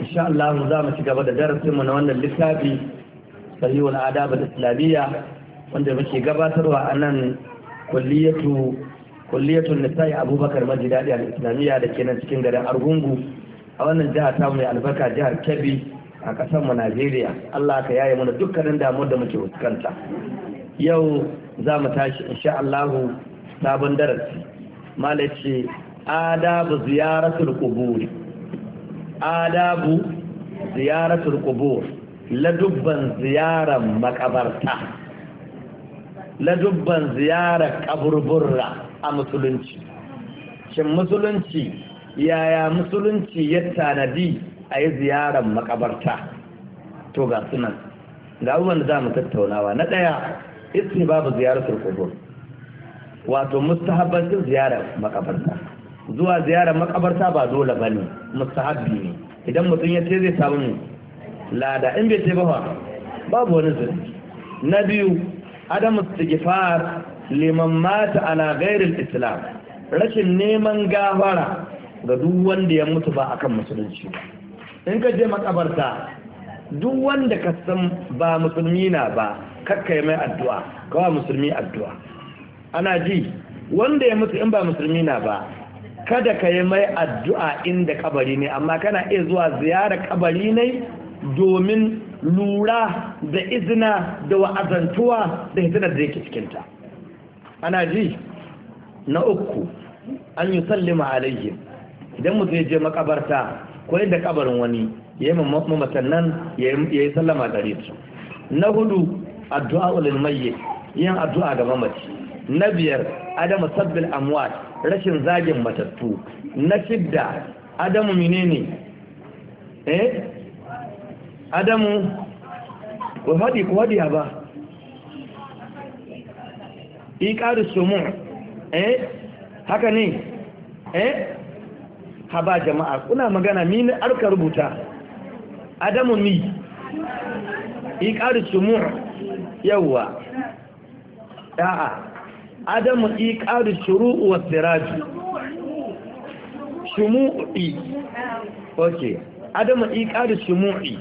insha Allah za mu ci gaba da darasinmu na wannan littafi sahihul adab al-islamiyya wanda muke gabatarwa a nan kulliyatu kulliyatu nisa'i Abubakar Majidadi al-Islamiyya da ke nan cikin garin Argungu a wannan jiha ta mai albarka jihar Kebbi a kasar mu Najeriya Allah ka yaye mana dukkanin damuwar da muke fuskanta yau za mu tashi insha Allah sabon darasi malai ce adabu ziyaratul quburi adabu ziyaratul qubur dubban ziyaran makabarta dubban ziyara kaburburra a musulunci shin musulunci yaya musulunci ya tanadi a yi ziyaran makabarta to ga sunan ga abubuwan da za mu tattaunawa na ɗaya isi babu ziyaratul qubur wato mustahabbancin ziyarar makabarta zuwa ziyarar makabarta ba dole bane mustahabbi ne idan mutum ya ce zai samu mu. lada in bai ce ba babu wani zai na biyu adam istighfar liman mata ala ghairil islam rashin neman gafara ga duk wanda ya mutu ba akan musulunci in ka je makabarta duk wanda ka san ba musulmi na ba kakkai mai addu'a kawai musulmi addu'a ana ji wanda ya mutu in ba musulmi na ba kada ka yi mai addu'a inda kabari ne amma kana iya zuwa ziyarar kabari ne domin lura da izina da wa'azantuwa da hitinar da yake cikinta ana ji na uku an yi sallima alayhi idan mutum ya je makabarta ko yadda kabarin wani ya yi mamatan nan ya yi sallama gare su na hudu addu'a ulil mayyit yin addu'a ga mamaci na biyar adama sabbin amwat rashin zagin matattu na shidda adamu menene eh adamu ku haɗi ku haɗi ba iƙaru sumu eh haka ne eh haba jama'a kuna magana ni ne arka rubuta adamu mi iƙaru sumu yawwa da'a عدم iqadu الشروع والسراج شموعي أوكي عدم adamu الشموعي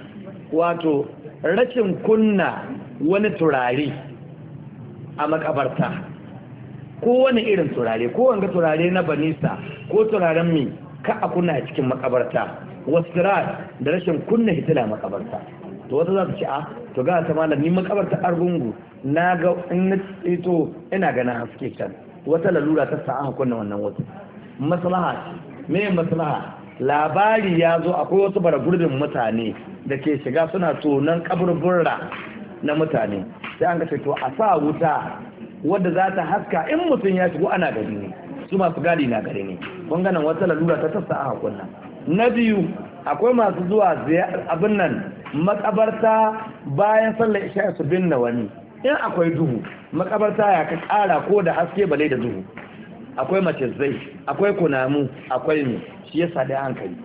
واتو wato rashin kunna wani turare a makabarta ko wani irin turare ko wanga turare na banisa ko turaren mi ka a kunna a cikin makabarta wasiraj da rashin kunna hitila makabarta to wata za su ce a ah, to ga ta malam ni makabarta argungu na ga in na tsito ina ganin haske can wata lalura ta sa'a kunna wannan wata maslaha me maslaha labari ya zo akwai wasu gurbin mutane da ke shiga suna tonon kaburburra na mutane sai an ga to a sa wuta wadda za ta haska in mutum ya shigo ana gari ne su masu gadi na gari ne kun ganin wata lalura ta tassa a hakunna na biyu akwai masu zuwa abin nan makabarta bayan sallar isha su binne wani in akwai duhu makabarta ya ka kara ko da haske bale da duhu akwai zai, akwai kunamu akwai mu shi yasa da hankali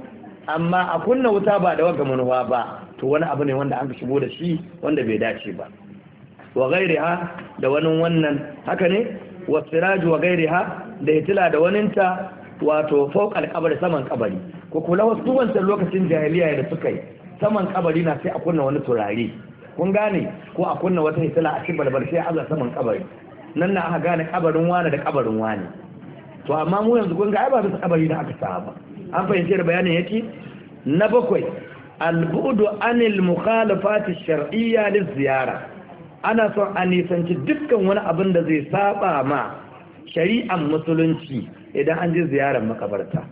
amma a kunna wuta ba da waga manuwa ba to wani abu ne wanda an shigo da shi wanda bai dace ba wa ha, da wani wannan haka ne wa siraju wa ha, da hitila da waninta wato fokal kabari saman kabari ko kula wasu wancan lokacin jahiliya da suka yi saman kabari na sai a kunna wani turare kun gane ko a kunna wata hitila a cikin balbal a Allah saman kabari nan na aka gane kabarin wani da kabarin wani to amma mu yanzu kun ga ai ba su kabari da aka saba an fahimci da bayanin yake na bakwai albudu anil mukhalafati shar'iyya liziyara ana son a nisanci dukkan wani abin da zai saba ma shari'an musulunci idan an je ziyarar makabarta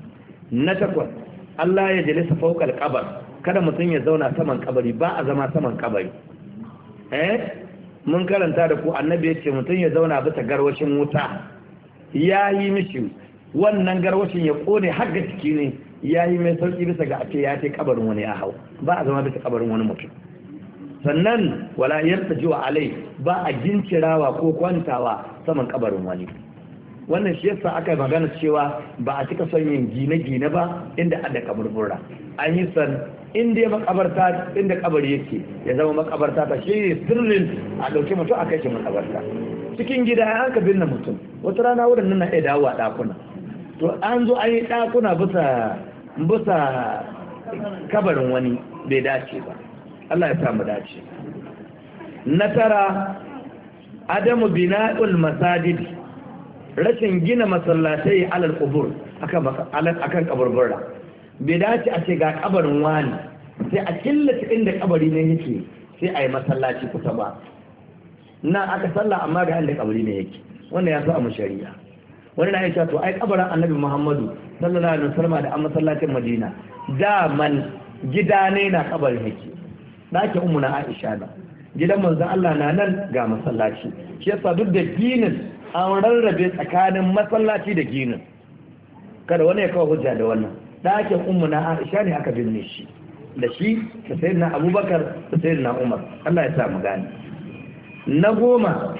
na takwas Allah ya jalisa faukar kabar kada mutum ya zauna saman kabari ba a zama saman kabari eh mun karanta da ku annabi ya ce mutum ya zauna bisa garwashin wuta ya yi mishi wannan garwashin ya kone har ga ciki ne ya yi mai sauki bisa ga ake ya ce kabarin wani ya hau ba a zama bisa kabarin wani mutum sannan wala yarta wa alai ba a gincirawa ko kwantawa saman kabarin wani wannan shi yasa aka yi magana cewa ba a cika son yin gine-gine ba inda da kaburbura an yi san inda ya makabarta inda kabari yake ya zama makabarta ta shi ne sirrin a ɗauki mutum a kai shi makabarta cikin gida ya an ka binne mutum wata rana wurin nan na iya a ɗakuna to an zo an yi ɗakuna bisa bisa kabarin wani bai dace ba Allah ya sa mu dace na tara adamu bina'ul masajidi rashin gina masallatai alal kubur akan kaburbura bai dace a ce ga kabarin wani sai a killace inda kabari ne yake sai a yi masallaci kusa ba na aka sallah amma ga inda kabari ne yake wannan ya a shari'a wani na aisha to ai kabarin annabi muhammadu sallallahu alaihi wasallam da an masallacin madina da man gida ne na kabarin yake dake ummu na aisha da gidan manzon Allah na nan ga masallaci shi yasa duk da dinin an rarrabe tsakanin masallaci da ginin kada wani ya kawo hujja da wannan ɗakin ummu na aisha ne aka binne shi da shi da sayin abubakar da sayin umar allah ya samu gani na goma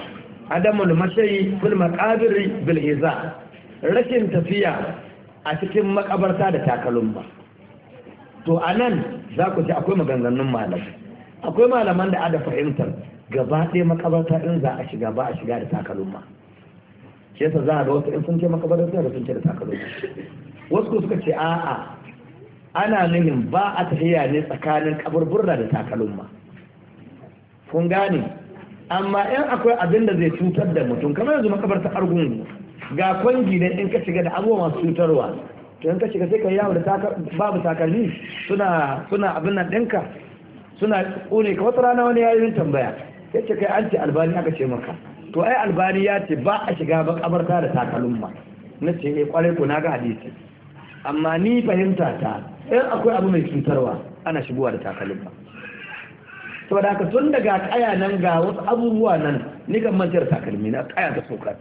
adamul mashayi fil maqabiri bil hiza rashin tafiya a cikin makabarta da takalumba to anan za ku ji akwai maganganun malamai akwai malaman da ada fahimtar gaba ɗaya makabarta in za a shiga ba a shiga da takalma. shi yasa za a ga wasu in sun je makabarin sai da sun ce da takalmi wasu ko suka ce a'a ana nuhin ba a tafiya ne tsakanin kaburburra da ma kun gane amma in akwai abin da zai cutar da mutum kamar yanzu ta argungu ga kwangi ne in ka shiga da abubuwa masu cutarwa to in ka shiga sai ka yawo da babu takalmi suna suna abin nan ɗinka suna kone ka wata rana wani yayin tambaya sai ce kai an ce albani aka ce maka to ai albani ya ce ba a shiga ba makabarta da takalumma na ce ne eh, kwarai ko na ga hadisi amma ni fahimta ta in akwai abu mai cutarwa ana shigowa da takalumma To haka tun daga kaya nan ga wasu abubuwa nan ni kan mantar takalmi na kaya ta soka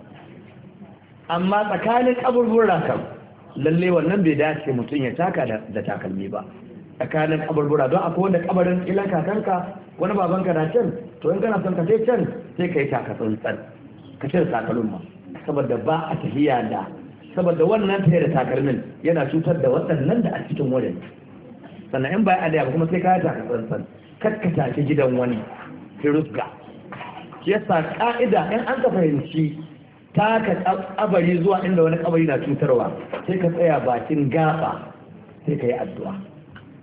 amma tsakanin abubuwan kan lalle wannan bai dace mutum ya taka da takalmi ba tsakanin kaburbura don akwai wanda kabarin ilan kakanka wani babanka na can to in kana son ka sai can sai ka yi takatsantsan ka cire takalmin ma saboda ba a tafiya da saboda wannan tafiya da takalmin yana cutar da waɗannan da a cikin wurin sannan in bai a da kuma sai ka yi takatsantsan kakkata shi gidan wani ki rusga shi yasa ka'ida in an ka fahimci taka kabari zuwa inda wani kabari na cutarwa sai ka tsaya bakin gaba sai ka yi addu'a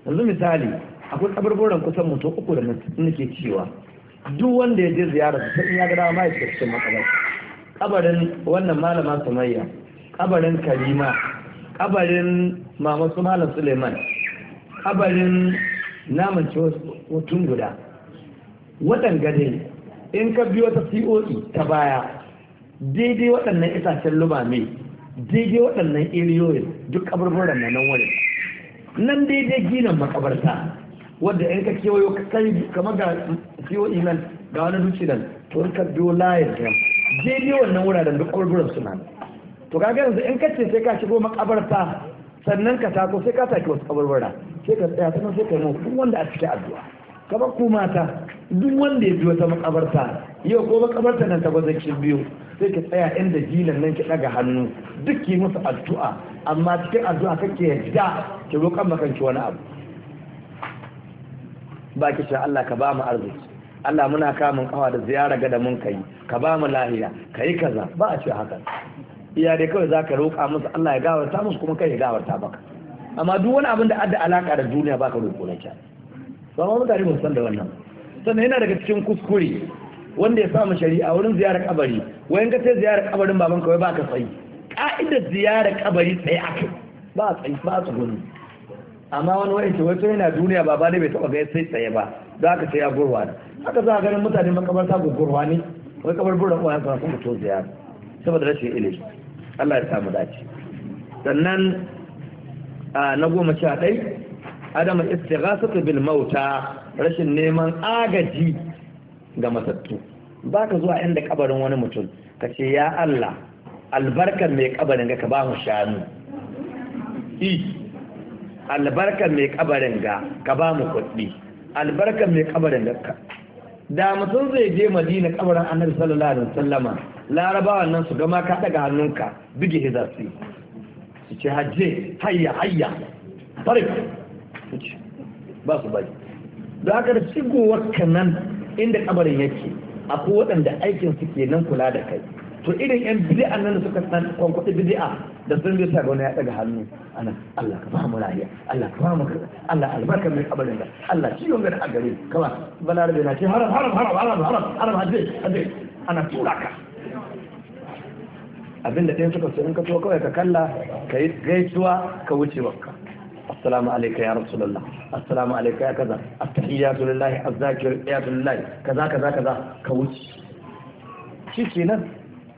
yanzu misali akwai kaburburan kusan mutu uku da nake cewa duk wanda ya je ziyara sai in ya ga dama ya cikin makabar kabarin wannan malama sumayya kabarin karima kabarin mama su malam suleiman kabarin naman hotun guda wadan gade in ka biyo ta coe ta baya daidai waɗannan itacen lumame daidai waɗannan iriyoyin duk kaburburan na nan wurin nan daidai ginin makabarta wadda in ka kewayo kai kamar ga kewayi iman ga wani duci nan to in ka biyo layar ta daidai wannan wuraren duk ƙwarguran suna to ka yanzu in ka ce sai ka shigo makabarta sannan ka tako sai ka take wasu kwalbura sai ka tsaya sannan sai ka yi duk wanda a cikin addu'a kamar ku mata duk wanda ya biyo ta makabarta yau gobe kamar ta nan ta bazakin biyu sai ki tsaya inda jilan nan ki daga hannu duk ki musu addu'a amma cikin addu'a kake yadda ki roƙan ki wani abu ba ki sha Allah ka ba mu arziki Allah muna kamun kawa da ziyara ga da mun kai ka ba mu lahiya ka yi kaza ba a ce haka iya dai kawai zaka roƙa musu Allah ya gawarta musu kuma kai ya gawarta baka amma duk wani abin da adda alaka da duniya baka roƙo na kya ba mutane mun san da wannan sannan yana daga cikin kuskure wanda ya samu shari'a wurin ziyarar kabari wayan ka sai ziyarar kabarin baban kawai ba ka tsayi ka'idar ziyarar kabari tsaye akai ba a tsayi ba a tsuguni amma wani wani ce wato yana duniya ba ne bai taba ga sai tsaye ba za ka ce ya gurwa ne haka za a ganin mutane makabar ta gurwa ne wai kabar burin kuma sa sun to ziyara saboda rashin ilimi Allah ya samu dace sannan na goma sha ɗai adam istighasatu bil mauta rashin neman agaji ga matattu ba ka zuwa inda kabarin wani mutum ka ce ya Allah albarkar mai kabarin ga ka ba mu shanu i albarkar mai kabarin ga ka ba mu kuɗi albarkar mai kabarin ga ka da mutum zai je madina kabarin annabi sallallahu alaihi wasallama larabawan nan su gama ka daga hannunka bige hizarsi su ce hajje hayya hayya farik ba su bari da aka da shigowar nan inda kabarin yake akwai waɗanda aikin su ke nan kula da kai to irin yan bid'a nan da suka san kwankwaɗi bid'a da sun bi sabon ya daga hannu ana Allah ka ba mu Allah ka ba mu Allah albarka mai kabarin da Allah shi yau gari a gare kama balarabe na ce haram haram haram haram haram haram haram haram ana tura ka abinda ɗaya suka so in ka so kawai ka kalla ka yi gaisuwa ka wuce wakka assalamu alayka ya rasulullah assalamu alayka ya kaza attahiyatu lillahi azzakiriyatu lillahi kaza kaza kaza ka wuce shi kenan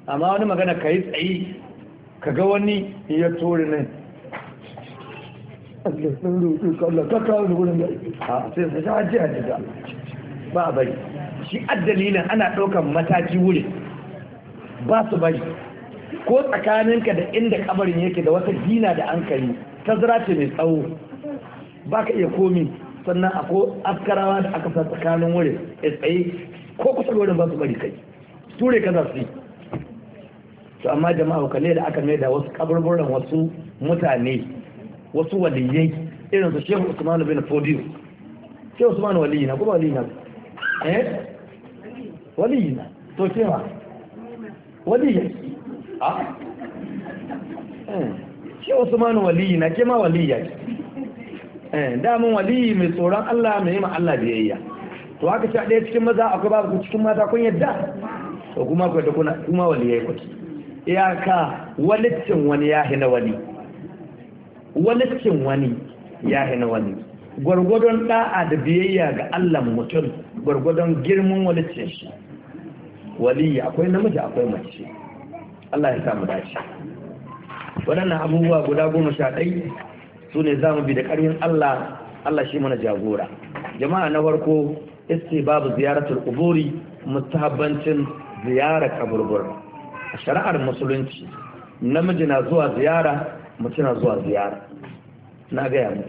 amma wani magana ka yi tsayi ka ga wani ya tori nan Allah ka kawo da wurin da a sai sai haji haji da ba bari shi addalilin ana ɗaukar mataki wuri ba su bari ko tsakaninka da inda kabarin yake da wata dina da an kai tazara ce mai tsawo ba ka iya komi sannan ako askarawa da aka sa tsakanin wuri ya tsaye ko kusa wurin ba su bari kai ture ka za su yi to amma jama'a kalle da aka mai da wasu kaburburan wasu mutane wasu waliyai irin su shehu usman bin fodiyo shehu usman waliyi na kuma waliyi na eh waliyi na to kewa waliyi a ah? hmm. shi usmanu waliyi na ke ma waliya ce eh, damin waliyi mai tsoron allah mai ma allah biyayya to haka ce ɗaya cikin maza akwai ba ku cikin mata kun yadda to kuma ku yadda kuna kuma waliyai ku iyaka walittin wani ya hina wani walittin wani ya hina wani gwargwadon da'a da biyayya ga allah mutum gwargwadon girman walittin shi waliyi akwai namiji akwai mace Allah ya samu dace waɗannan abubuwa guda goma sha ɗai su ne za mu bi da ƙarfin Allah Allah shi mana jagora jama'a na farko iske babu ziyaratul kuburi mustahabbancin ziyara kaburbur a shari'ar musulunci namiji na zuwa ziyara mutum na zuwa ziyara na gaya mu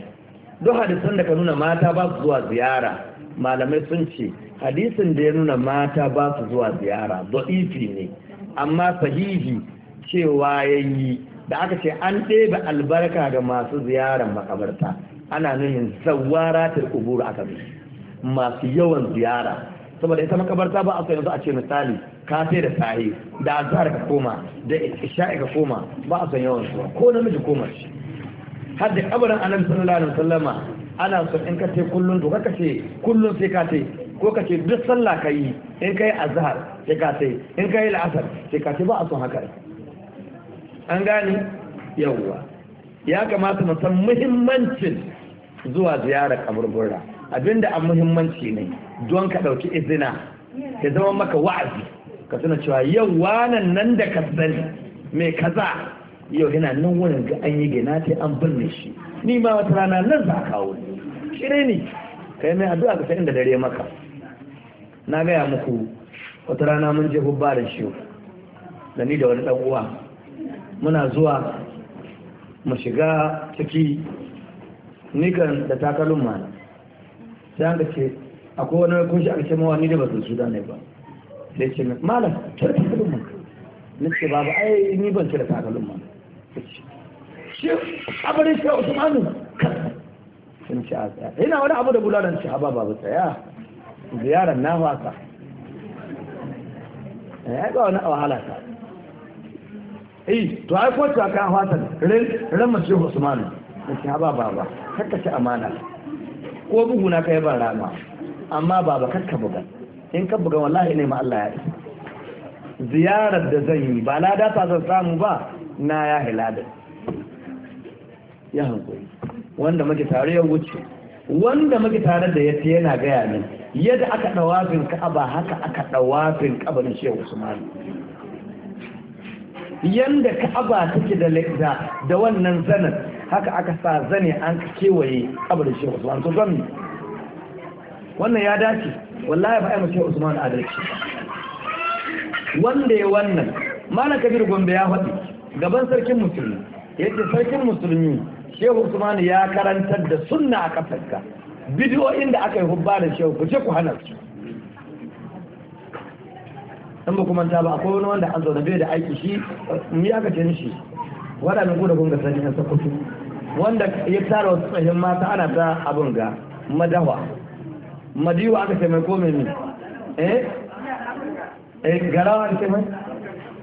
duk hadisan da ka nuna mata ba su zuwa ziyara malamai sun ce hadisin da ya nuna mata ba su zuwa ziyara da'ifi ne amma sahihi cewa ya yi. da aka ce an ɗebe albarka ga masu ziyarar makabarta ana nuhin ta qubur aka bi masu yawan ziyara saboda ita makabarta ba a so yanzu a ce misali ka sai da sahi da azhar ka koma da isha'i ka koma ba a son yawan su ko namiji ko mace har da kabarin annabi sallallahu alaihi wasallama ana so in ka ce kullun to ka ce kullun sai ka ce ko ka ce duk sallah ka yi in ka yi azhar sai ka ce in ka yi la'asar sai ka ce ba a son haka an gane yawwa ya kamata mu san muhimmancin zuwa ziyarar kaburbura abinda a muhimmanci ne don ka ɗauki izina ya zama maka wa'azi ka tuna cewa yau wanan nan da ka sani mai kaza yau yana nan wurin ga an yi gina ta an binne shi ni ma wata rana nan za a kawo ni kire ni kai mai addu'a ka san inda dare maka na gaya muku wata rana mun je hubbarin shi da ni da wani dan uwa muna zuwa mu shiga ciki nikan da takalin ma sai an ce akwai wani kunshi a ce mawa ni da ba su da ne ba sai ce malam cire takalin mana ne ce babu ai ni ban da takalin ma shi abin shi manu sun ci a tsaya yana wani abu da bularan ci a ba babu tsaya ziyarar na haka ya ga wani wahala ta eh to ai ko ta kan fatan ran ran mace Usman kace ha baba ba kakka ci amana ko bugu na kai ban rama amma baba kakka buga in ka buga wallahi ne ma Allah ya yi ziyarar da zan yi ba na dafa zan samu ba na ya hilada ya hankali wanda muke tare ya wuce wanda muke tare da yace yana gaya min yadda aka dawafin ka'aba haka aka dawafin kabarin Shehu Usman yanda ka'aba take da da wannan zanen haka aka sa zane an kewaye kabar shi usman to don wannan ya dace wallahi ba ai mu shehu usman adalci wanda ya wannan malam kabir gombe ya faɗi gaban sarkin musulmi yace sarkin musulmi shehu usman ya karantar da sunna a kafarka bidiyo inda aka yi hubba da shehu ku je ku hana su in ba kuma ta ba akwai wani wanda an zaune bai da aiki shi mu aka ce shi wanda mun gode da gunga sani an sakutu wanda ya tara wasu tsahin mata ana ta abin ga madawa madiwa aka ce mai komai ne eh eh garawa aka ce mai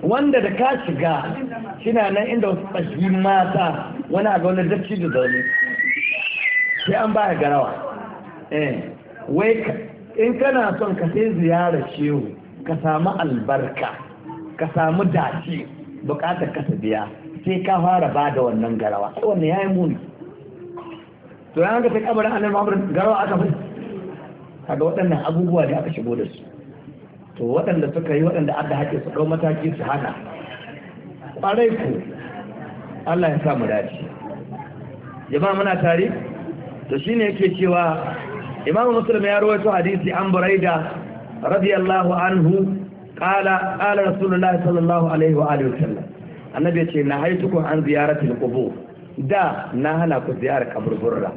wanda da ka shiga shina nan inda wasu tsahin mata wani a ga wani dacci da zaune sai an baya garawa eh wai in kana son ka sai ziyarar shehu ka samu albarka ka samu dace bukatar kasa biya sai ka fara ba da wannan garawa sai wannan yi muni to ya ga sai kabarin annabi Muhammad garawa aka fi kaga waɗannan abubuwa da aka shigo da su to waɗanda suka yi waɗanda aka haƙe su ɗau mataki su hana ƙwarai ku Allah ya samu dace jama'a muna tare to shine yake cewa Imam Muslim ya rawaito hadisi an Buraida radiyallahu anhu qala qala rasulullahi sallallahu alaihi wa alihi wasallam annabi ya ce na haituku an ziyarati alqubur da na hana ku ziyarar kaburburra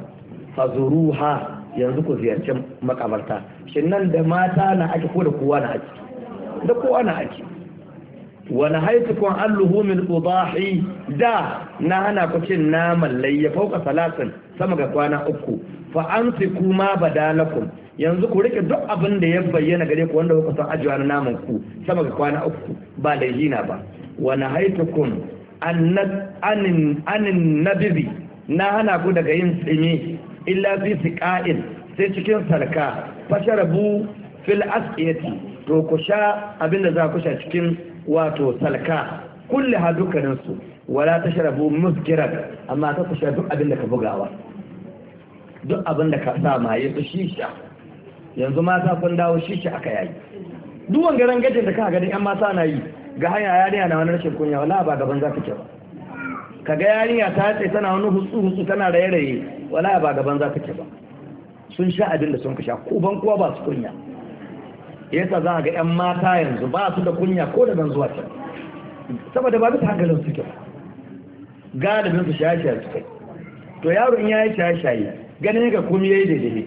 fazuruha yanzu ku ziyarci makabarta shin nan da mata na ake ko da kowa na ake da kowa na ake wani haitukun alluhu min ubahi da na hana ku cin naman layya fauka salatin sama ga kwana uku fa an fi kuma badalakum yanzu ku rike duk abin da ya bayyana gare ku wanda kuka san ajiwa na naman ku sama ga kwana uku ba da hina ba wani haitukun anin nabibi na hana ku daga yin tsimi illa fi siqa'in sai cikin sarka fasharabu fil asqiyati to ku sha abin da za ku sha cikin wato salka kulle ha dukkaninsu wala ta sharabu muskiran amma ta ta duk abin da ka bugawa duk abin da ka sa maye su shisha yanzu mata kun dawo shisha aka yayi duk wangaren gajin da ka gani yan mata na yi ga hanya yariya na wani rashin kunya wala ba gaban za ta ke ba ka ga yarinya ta tsaye tana wani hutsu hutsu tana raye raye wala ba gaban za ta ke ba sun sha abin da sun kusha ko ban kuwa ba su kunya yasa za a ga 'yan mata yanzu ba su da kunya ko da ban zuwa can saboda ba bisa hankalin suke galibin su shaye-shaye su kai to yaro in yayi shaye-shaye ganin ga kuma yayi da dai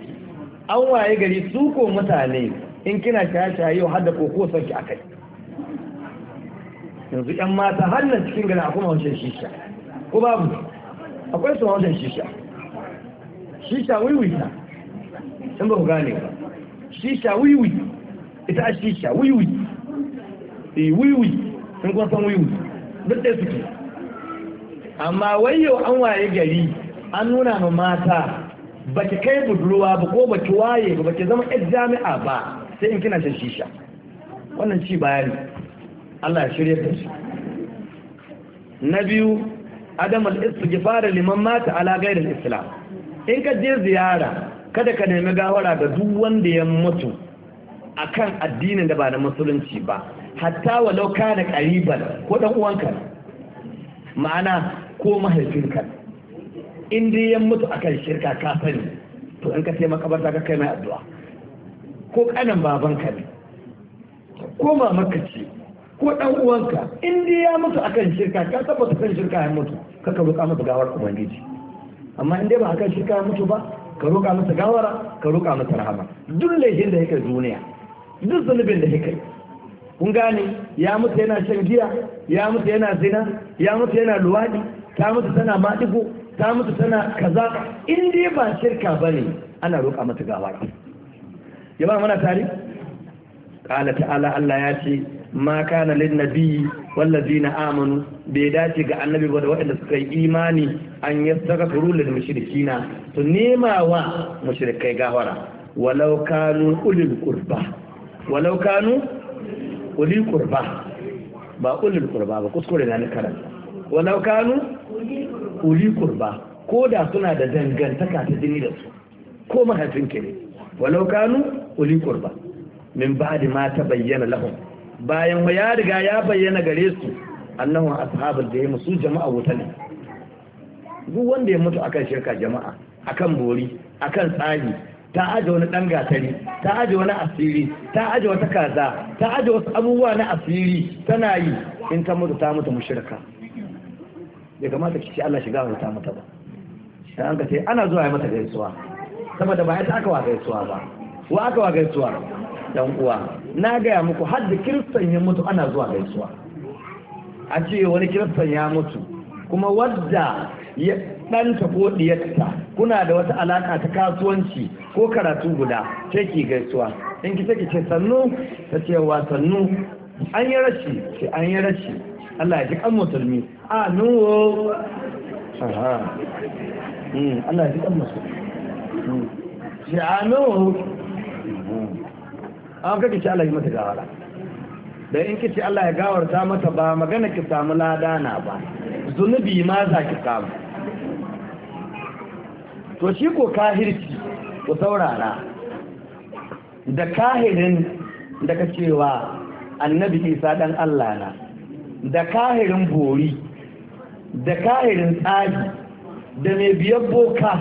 an waye gari su ko mutane in kina shaye-shaye yau har da koko son ki akai yanzu 'yan mata har nan cikin gari akwai wancan shisha ko babu akwai su wancan shisha shisha wiwi ta in ba ku gane ba shisha wiwi ita a shisha wiwi e wiwi sun kuma san wiwi duk da suke amma wayo an waye gari an nuna ma mata ba ki kai budurwa ba ko ba ki waye ba ki zama ɗan jami'a ba sai in kina shan shisha wannan ci bayani Allah ya shirya da shi na biyu adam al-istighfar liman mata ala ghairi al-islam in ka je ziyara kada ka nemi gawara ga duk wanda ya mutu akan addinin da ba na musulunci ba hatta walau da ƙariban ko ɗan uwanka ma'ana ko mahaifinka in dai ya mutu akan shirka ka sani to in ka sai makabarta ka kai mai addu'a ko ƙanan babanka ne ko mamarka ce ko ɗan uwanka in dai ya mutu akan shirka ka tabbata kan shirka ya mutu ka ka roƙa masa gawar ubangiji amma in dai ba akan shirka ya mutu ba ka roƙa masa gawara ka roƙa masa rahama duk laifin da yake duniya duk zunubin da ya kai kun gane ya mutu yana shan giya ya mutu yana zina ya mutu yana luwaɗi ta mutu tana maɗigo ta mutu tana kaza in dai ba shirka ba ne ana roƙa mata gawara ba mana tari? ƙala ta'ala Allah ya ce ma kana lin nabiyyi na amanu bai dace ga annabi ba da waɗanda suka yi imani an yastaghfiru lil mushrikina to nema wa mushrikai gawara walau kanu ulil qurba walau kanu uli kurba ba ulil kurba ba kuskure na karanta walau kanu uli kurba ko da suna da dangantaka ta jini da su ko mahaifin ne walau kanu uli kurba min ba'di ma ta bayyana lahum bayan ya riga ya bayyana gare su annahu ashabul jahim su jama'a wuta duk wanda ya mutu akan shirka jama'a akan bori akan tsari ta aje wani ɗan gatari ta aje wani asiri ta aje wata kaza ta aje wasu abubuwa na asiri tana yi in ta mutu ta mutu mushirka bai kamata ki ce Allah shiga wani ta mutu ba dan an kace ana zuwa ya mata gaisuwa saboda ba ta aka wa gaisuwa ba wa aka wa gaisuwa dan uwa na gaya muku har da kiristan ya mutu ana zuwa gaisuwa a ce wani kiristan ya mutu kuma wadda ya ɗanta ko ɗiyarta kuna da wata alaka ta kasuwanci ko karatu guda sai ki gaisuwa in ki take ce sannu ta ce wa sannu an yi rashi ce an yi rashi Allah ya ji kan musulmi a nuwo hmm, Allah ya ji kan musulmi ce a nuwo an kake ce Allah ya mata gawara da in kici Allah ya gawarta mata ba magana ki samu ladana ba zunubi ma za ki samu to shi ko kahirci ku saurara da kahirin da ka cewa annabi isa dan Allah na da kahirin bori da kahirin tsari da mai biyar boka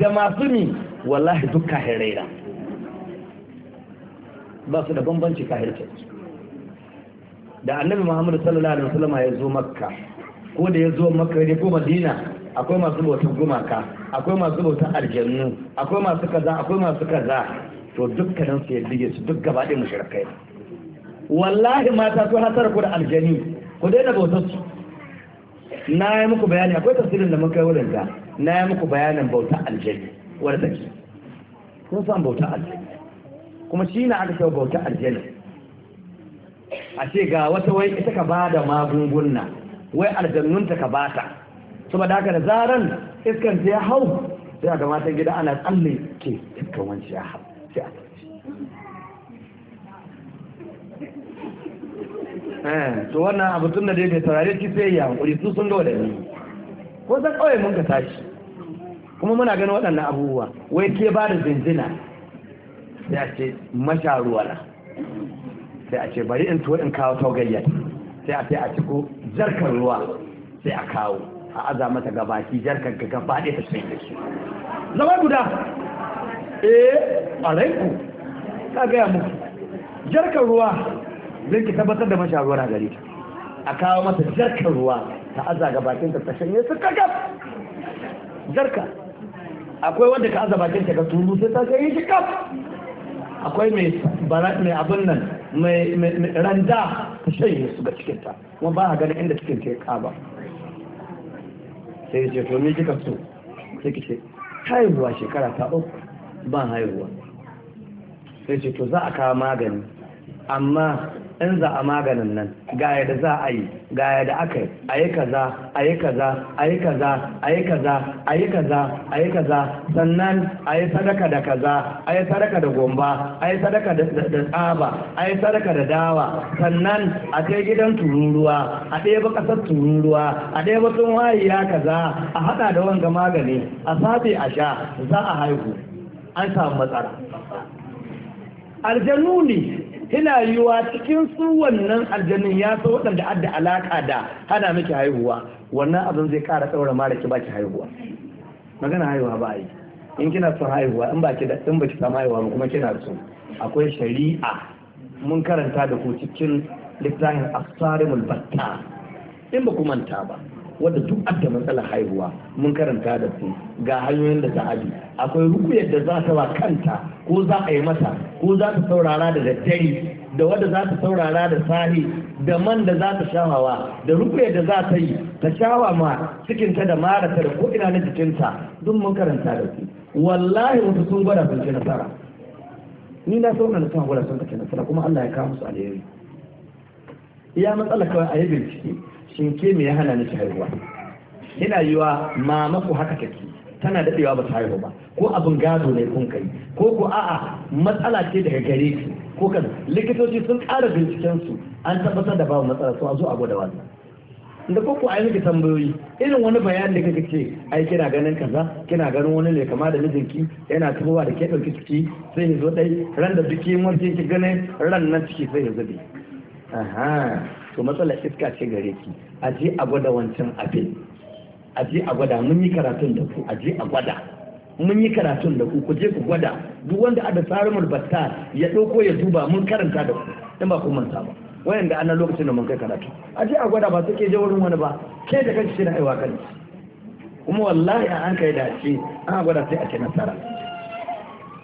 da masu ni wallahi duk kahirai na ba su da bambanci kahirci da annabi muhammadu sallallahu alaihi wasallam ya zo makka ko da ya zo makka ne ko madina akwai masu bauta gumaka akwai masu bauta aljannu akwai masu kaza akwai masu kaza to dukkanin su ya dige su duk gaba ɗaya mushrikai wallahi mata ko hasar ku da aljani ku daina bautar su na yi muku bayani akwai tafsirin da mun kai wurin ta na yi muku bayanin bauta aljani wani take kun san bauta aljani kuma shi na aka kai bauta aljani a ce ga wata wai ita ka bada magungunna wai aljannunta ka bata saboda haka da zaran iskan ta ya hau sai ga matan gida ana tsalle ke iskan wancan ya hau sai a eh, to wannan abu tun da dai bai saurare ki sai ya hankuri su sun gawa da ni ko san kawai mun ka tashi kuma muna ganin waɗannan abubuwa wai ke ba da zinzina sai a ce masharuwa na sai a ce bari in tuwa in kawo taugayyar sai a ce a ciko jarkar ruwa sai a kawo a aza mata gabaki jarkar ga gaba ɗaya ta sai da su zama guda eh alaiku ka gaya muku jarkar ruwa zai ki tabbatar da masha ruwa gare ta a kawo mata jarkar ruwa ta aza ga ta ta shanye su kakaf jarka akwai wanda ka aza bakin ta ga tulu sai ta shanye shi kaf akwai mai abin nan mai randa ta shanye su ga cikinta kuma ba a ganin inda cikin ta ya kaba sai ce to me kika so sai kike haihuwa shekara ta uku ban haihuwa sai ce to za a kawo magani amma in za a maganin nan ga yadda za a yi ga yadda aka yi a yi kaza a yi kaza a yi kaza a yi kaza a yi kaza a yi kaza sannan a yi sadaka da kaza a yi sadaka da gomba a yi sadaka da tsaba a yi sadaka da dawa sannan a kai gidan tururuwa a ɗaya ƙasar tururuwa a ɗaya batun wayiya kaza a haɗa da wanga magani a safe a sha za a haihu an samu matsala aljannu ne ina yiwa cikin su wannan aljannin ya so waɗanda adda alaka da hana miki haihuwa wannan abin zai ƙara tsaura mara ki baki haihuwa magana haihuwa ba yi in kina son haihuwa in baki da in baki samu haihuwa ba kuma kina so akwai shari'a mun karanta da ku cikin littafin asarimul batta in ba ku manta ba wanda duk adda matsalar haihuwa mun karanta da su ga hanyoyin da za a bi akwai rukuyar da za ta wa kanta ko za a yi mata ko za ta saurara da daddare da wanda za ta saurara da sahi da man da za ta shawawa da rukuyar da za ta yi ta shawa ma cikinta da marata da ko'ina na jikinta duk mun karanta da su wallahi wasu sun gwada sun ci nasara ni na sauna na sun gwada sun ci nasara kuma Allah ya kawo su alheri iya matsala kawai a yi bincike shin ke me ya hana ni haihuwa Ina yiwa mama ku haka take tana dadewa ba ta haihu ba ko abin gado ne kun kai ko ko a'a matsala ce daga gare ki ko kan likitoci sun ƙara binciken su an tabbatar da babu matsala to a zo a gwada wannan da ko ku ai miki tambayoyi irin wani bayani da kake ce ai kina ganin kaza kina ganin wani ne kama da mijinki yana tubowa da ke dauki ciki sai ya zo dai ran da duki mun ki ganin ran nan ciki sai ya zube aha to matsala iska ce gare ki a je a gwada wancan abin a je a gwada mun yi karatun da ku a je a gwada mun yi karatun da ku ku je ku gwada duk wanda ada tsarin batta ya ɗauko ya duba mun karanta da ku in ba ku manta ba wayan da ana lokacin da mun kai karatu a je a gwada ba take je wurin wani ba ke da kanki na aiwa kanki kuma wallahi a an kai dace an gwada sai a ce nasara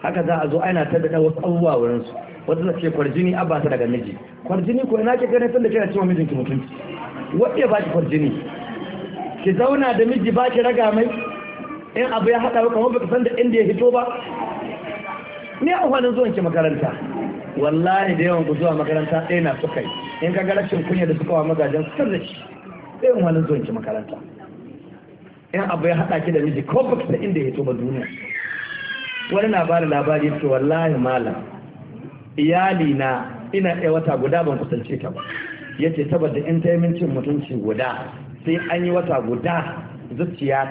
haka za a zo ana ta da wasu abubuwa wurin su wata na ce kwarjini a ta daga miji kwarjini ko ina ke ganin da kina cewa mijinki mutunci wanda ya baki kwarjini ki zauna da miji ba ki raga mai in abu ya haɗa kamar baka san da inda ya hito ba ni a wani zuwan ki makaranta wallahi da yawan ku zuwa makaranta ɗaya na suka yi in ka ga rashin kunya da suka wa magajen sun kan rashi ɗayan wani zuwan ki makaranta in abu ya haɗa ki da miji ko baka san inda ya hito ba duniya wani na bada labari ce wallahi malam iyali na ina ɗaya wata guda ban kusance ta ba Ya ce saboda in ta yi mincin mutunci guda sai an yi wata guda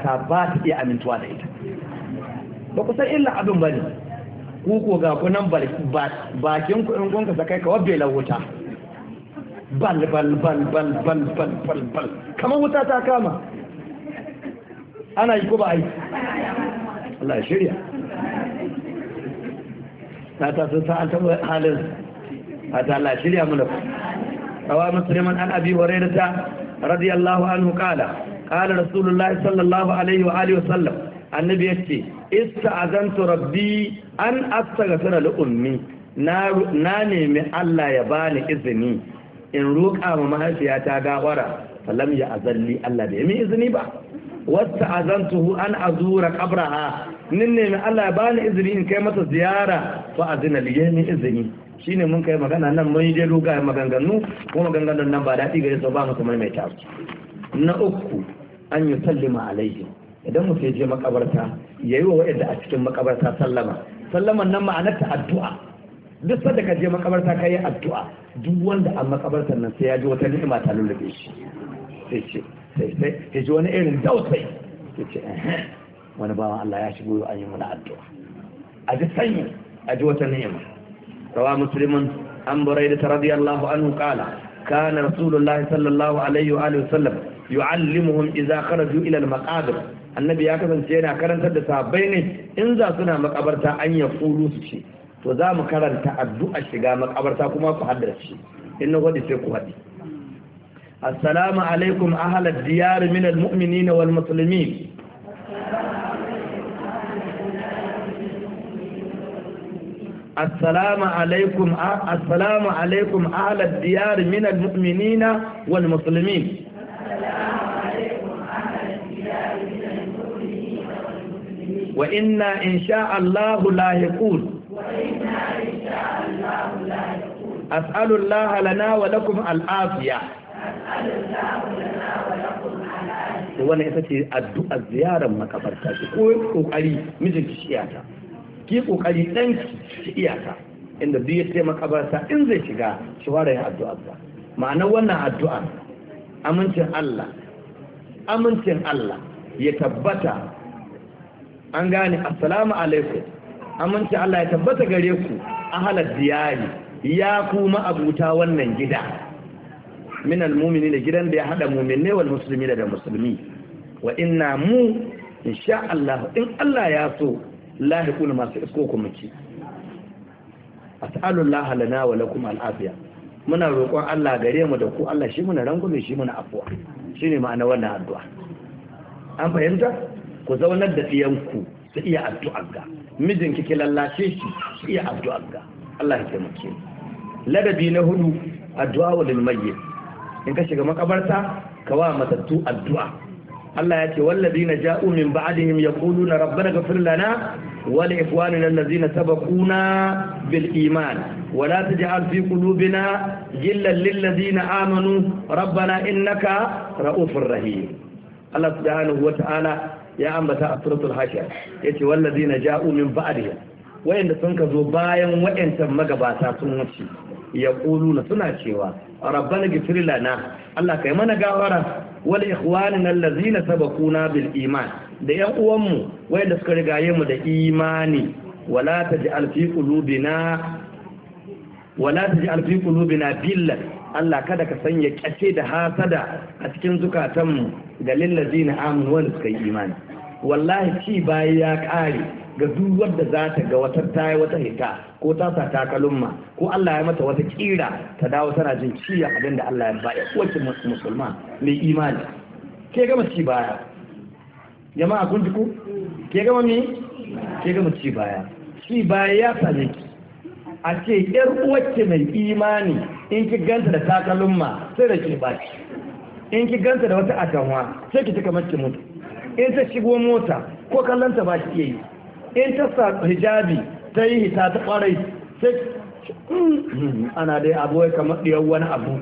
ta ba ta iya amintuwa da ita ba ku san illa abin ba ne ku ko ga ku nan bakin ku in gonka sakai kawar bai wuta bal bal bal bal bal bal bal bal kamar wuta ta kama ana yi ko ba a yi Allah ya shirya ta sun san an taɓa halin a ta Allah shirya mu da ku rawa musliman an abi hurairata radiyallahu anhu qala Kala rasulullahi sallallahu alaihi wa alihi wa sallam annabi yace ista'azantu rabbi an astaghfira li ummi na na nemi Allah ya bani izini in roƙa ma mahaifiyata gawara falam ya azalli Allah bai yi izini ba wasta azantuhu an azura qabraha nin ne Allah ya bani izini in kai mata ziyara fa azina liye ni izini shine mun kai magana nan mun je doga maganganu ko maganganun nan ba daɗi gare su ba mu kuma mai tasu na uku an yi sallima alaihi idan mu je makabarta yayi wa wa'anda a cikin makabarta sallama sallaman nan ma'anar ta addu'a duk sanda ka je makabarta ka yi addu'a duk wanda a makabartar nan sai ya ji wata ni'ima ta lullube shi sai ce sai sai ya ji wani irin dausayi ya ce wani bawan Allah ya shigo an yi mana addu'a a ji sanyi a ji wata ni'ima rawa musulmin an burai da radiyallahu anhu kala kana rasulullahi sallallahu alaihi wa alihi wasallam yu'allimuhum idza kharaju ila al-maqabir annabi ya kasance yana karantar da sahabbai ne in za suna makabarta an ya fulu su ce to za mu karanta addu'a shiga makabarta kuma ku haddace in na gwada sai ku haɗi السلام عليكم أهل الديار من المؤمنين والمسلمين السلام عليكم السلام عليكم أهل الديار من المؤمنين والمسلمين وإنا إن شاء الله لاهقون أسأل الله لنا ولكم العافية to wannan ita ce addu'ar ziyarar makabarta ki ko kokari mijinki shi iyata ki kokari danki shi iyata inda duk ya ce makabarta in zai shiga shi fara yin addu'ar ba ma'ana wannan addu'ar amincin Allah amincin Allah ya tabbata an gane assalamu alaikum amincin Allah ya tabbata gare ku ahalar diyari ya kuma abuta wannan gida min almumini da gidan da ya haɗa muminai wal musulmi da musulmi wa inna mu insha Allah in Allah ya so lahiquna masu isko ku muke as'alullaha lana wa lakum al'afiya muna roƙon Allah gare mu da ku Allah shi muna rangume shi muna afuwa shine ma'ana wannan addu'a an fahimta ku zaunar da ɗiyanku su iya addu'ar ga mijinki ki lalace shi su iya addu'ar ga Allah ya taimake ladabi na hudu addu'a lil mayyit in ka shiga makabarta ka wa matattu addu'a Allah ya ce wallazi na ja'u min ba'dihim yaquluna rabbana ghfir lana wa li ikhwanina allazina sabaquna bil iman wa la taj'al fi qulubina ghillan lil ladzina amanu rabbana innaka ra'ufur rahim Allah subhanahu wa ta'ala ya ambata a suratul hashiya yace wallazi na ja'u min ba'dihim wayanda sun ka zo bayan wayancan magabata sun wuce yaquluna suna cewa rabbana gifir lana Allah kai mana gawara wal ikhwanina allazina sabaquna bil iman da yan uwanmu wayanda suka rigaye mu da imani wala taj'al fi qulubina wala taj'al fi qulubina Allah kada ka sanya kyace da hasada a cikin zukatanmu ga lillazina amanu wanda suka yi imani wallahi ci baya ya kare ga duk wadda za ta ga wata ta yi wata hita ko ta sa takalumma ko Allah ya mata wata kira ta dawo tana jin ciya abin da Allah ya baya kowace musulma mai imani ke gama ci baya jama'a kun ji ku ke gama me ke gama ci baya ci baya ya same ki a ce yar uwacce mai imani in ki ganta da takalumma sai da ke baki in ki ganta da wata atanwa sai ki tuka mace mutu in ta shigo mota ko kallon ta ba ki yi in ta sa hijabi ta yi hita ta kwarai sai ana dai abu ya kama diyar wani abu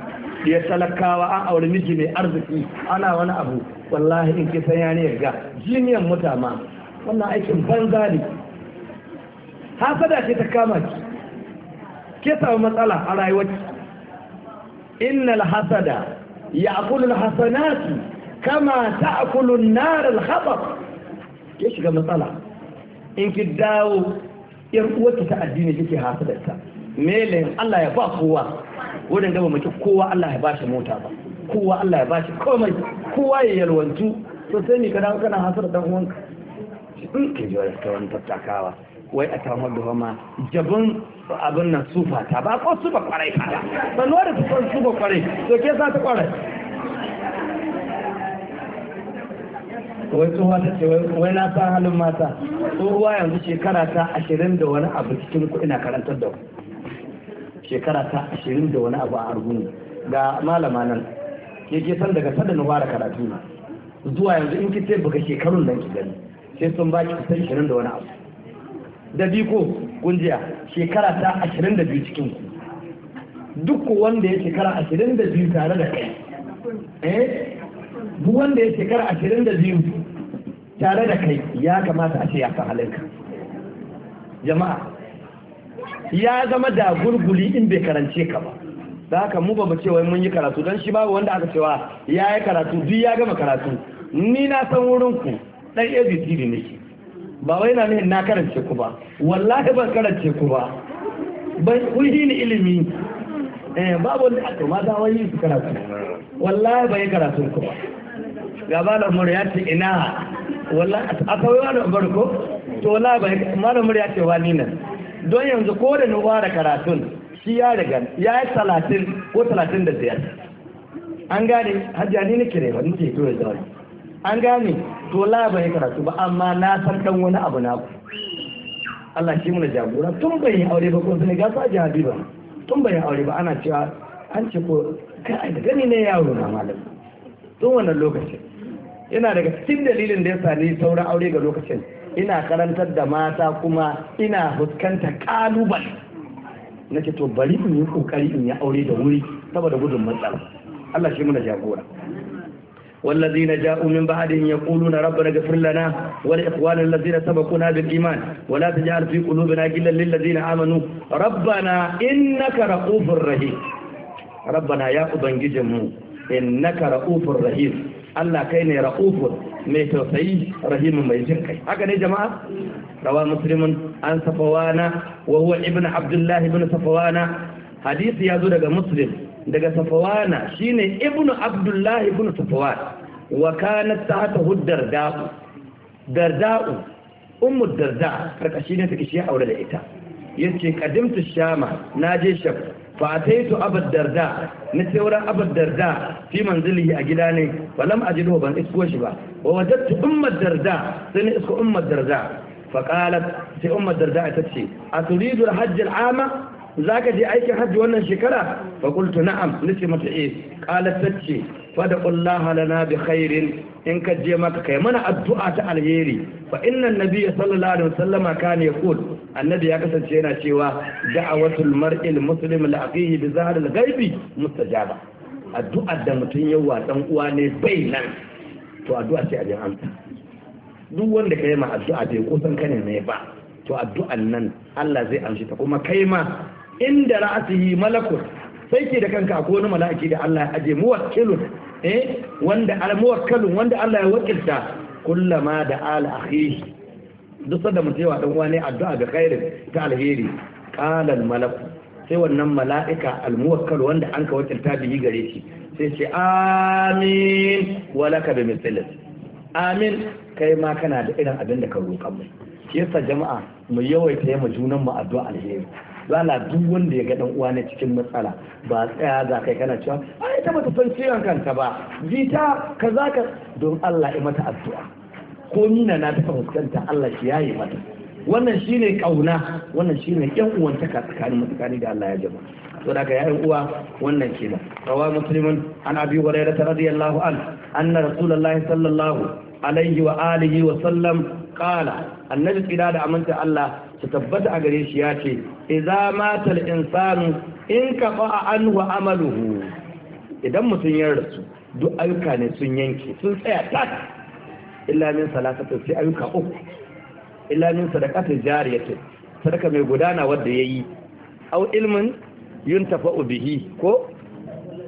ya talakawa an aure miji mai arziki ana wani abu wallahi in ke san yani ga jiniyan mutama wannan aikin banza ne hasada ce ta kama ki ke samu matsala a rayuwar innal hasada ya'kulu al-hasanati kama ta an-nar al-khatab ke shiga matsala in ki dawo yar uwarki ta addini kike hasidarta mele Allah ya ba kowa wurin gaba mace kowa Allah ya bashi mota ba kowa Allah ya bashi komai kowa ya yalwantu to sai ni kana kana hasar dan uwanka in ke jiwa ta wani tattakawa wai a tamar da ma. jabin abin nan sufa ta ba ko sufa kwarai ba sanuwa da sufa kwarai to ke sa ta kwarai wai tsohuwa ta ce wai na san halin mata tsohuwa yanzu shekara ta ashirin da wani abu cikin kuɗi na karantar da shekara ta ashirin da wani abu a argungu ga malama nan ke ke san daga sadan na fara karatu na zuwa yanzu in kitse baka shekarun nan ki gani sai sun ba ki kusan ashirin da wani abu da biko kungiya shekara ta ashirin da biyu cikin ku duk wanda ya shekara ashirin da biyu tare da kai eh duk wanda ya shekara ashirin da biyu tare da kai ya kamata a ce ya san halinka jama'a ya zama da gurguli in bai karance ka ba da haka mu ba mu ce wai mun yi karatu don shi babu wanda aka cewa ya yi karatu duk ya gama karatu ni na san wurin ku dan abcd nake ba wai na na karance ku ba wallahi ban karance ku ba bai kuhi ni ilimi eh babu wanda aka ma za wai su karatu wallahi bai karatu ku ba gaba da mura ya ce ina Wala a kawai wani barko to wala ba mara ya ce wani nan don yanzu ko da ni ware karatun shi ya riga ya yi talatin ko talatin da biyar an gane hajji ni ne kire ba ni to ya zaune an gane to wala ba ya karatu ba amma na san dan wani abu na ku Allah shi muna jagora tun bai yi aure ba ko sai ga sa jahabi ba tun bai yi aure ba ana cewa an ce ko kai da gani ne yaro na malam tun wannan lokacin ina daga cikin dalilin da ya sani sauran aure ga lokacin ina karantar da mata kuma ina fuskanta kalubale na ke to bari mu yi kokari in yi aure da wuri saboda gudun matsala Allah shi muna jagora والذين جاءوا من بعدهم يقولون ربنا اغفر لنا ولإخواننا الذين سبقونا بالإيمان ولا تجعل في قلوبنا غلا للذين آمنوا ربنا إنك رؤوف رحيم ربنا يا أبنجي جمو إنك رؤوف رحيم Allah kai ne ra'ufun mai tausayi rahimin mai jin kai haka ne jama'a rawa muslimun an safawana wa huwa ibnu abdullahi ibn safawana hadisi ya zo daga muslim daga safawana shine ibnu abdullahi ibn safawan wa kanat tahta huddar da'u darda'u ummu darda karkashi ne take shi aure da ita yace qadimtu shama naje sham fataitu abad darda na ce wurin abad darda fi manzilihi a gida ne falam ajidu ban isko shi ba wa wajadtu ummat darda sai na isko ummat darda fa qalat sai ummat darda ta ce aturidu al-hajj al-ama za ka je aikin hajji wannan shekara fa qultu na'am nace mata eh qalat tace fadaqullaha lana bi khairin in ka je maka kai mana addu'a ta alheri fa inna annabiyya sallallahu alaihi wasallama kana yaqul annabi ya kasance yana cewa da'awatul mar'il muslim li aqihi bi zahr al-ghaibi mustajaba addu'ar da mutum yawa dan uwa ne bai nan to addu'a ce abin amsa duk wanda kai ma addu'a bai kusan kane ne ba to addu'an nan Allah zai amshi ta kuma kai ma inda ra'asihi malakun sai ke da kanka ko wani mala'iki da Allah ya aje muwakkilun eh wanda al muwakkalun wanda Allah ya wakilta kullama da al akhihi duk sanda mu cewa dan wani addu'a ga khairin ta alheri qala al malaku sai wannan mala'ika al muwakkal wanda an ka wakilta bihi gare shi sai ce amin wa laka bi mithlis amin kai ma kana da irin abin da ka roƙa mu shi yasa jama'a mu yawaita yi mu junan mu addu'a alheri lala duk wanda ya ga dan uwa ne cikin matsala ba tsaya za kai kana cewa ai ta bata san ciyan kanta ba jita kaza ka don Allah ya mata addu'a ko nina na tafi fuskanta Allah shi yayi mata wannan shine kauna wannan shine yan uwantaka tsakanin mutukani da Allah ya jama to daga yayin uwa wannan kenan rawa muslimun an abi hurairah radiyallahu an anna rasulullahi sallallahu alaihi wa alihi wa sallam qala annabi tsira da aminta Allah su tabbata a gare shi ya ce idza matal insanu in an wa amaluhu idan mutum ya rasu duk ayyuka ne sun yanke sun tsaya tak illa min salatatu sai ayyuka uku illa min sadaqatin jariyatin sadaka mai gudana wanda yayi au ilmin yuntafa'u bihi ko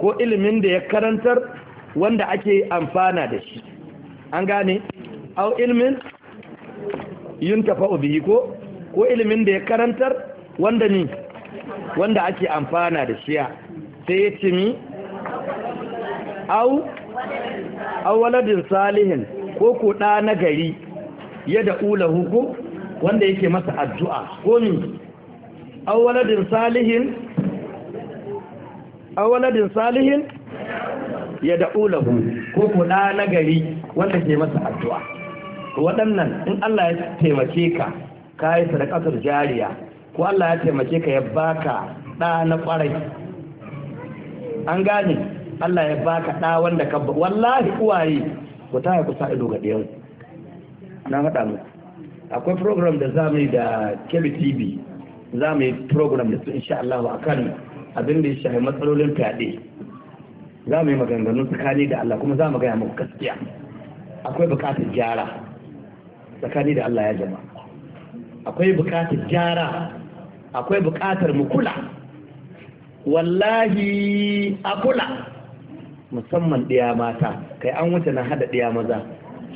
ko ilimin da ya karantar wanda ake amfana da shi an gane au ilmin yuntafa'u bihi ko ko ilimin da ya karantar wanda ni wanda ake amfana da shiya sai ya ce mi au awaladin salihin ko ko ɗa na gari ya da ula hukum wanda yake masa addu'a ko ni awaladin salihin awaladin salihin ya da ula ko ko ɗa na gari wanda ke masa addu'a waɗannan in Allah ya taimake ka ka yi sadakatar jariya ko Allah ya taimake ka ya baka ɗa na ƙwarai an gane Allah ya baka ɗa wanda ka wallahi uwaye ku ta ku sa ido ga ɗayan na haɗa mu akwai program da za mu yi da kebe tv za mu yi program da su insha Allah a kan abin da ya shafi matsalolin fyaɗe za mu yi maganganu tsakani da Allah kuma za mu gaya muku gaskiya akwai buƙatar gyara tsakani da Allah ya jama'a akwai buƙatar gyara akwai bukatar mu kula wallahi a kula musamman ɗaya mata kai an wuce na hada ɗaya maza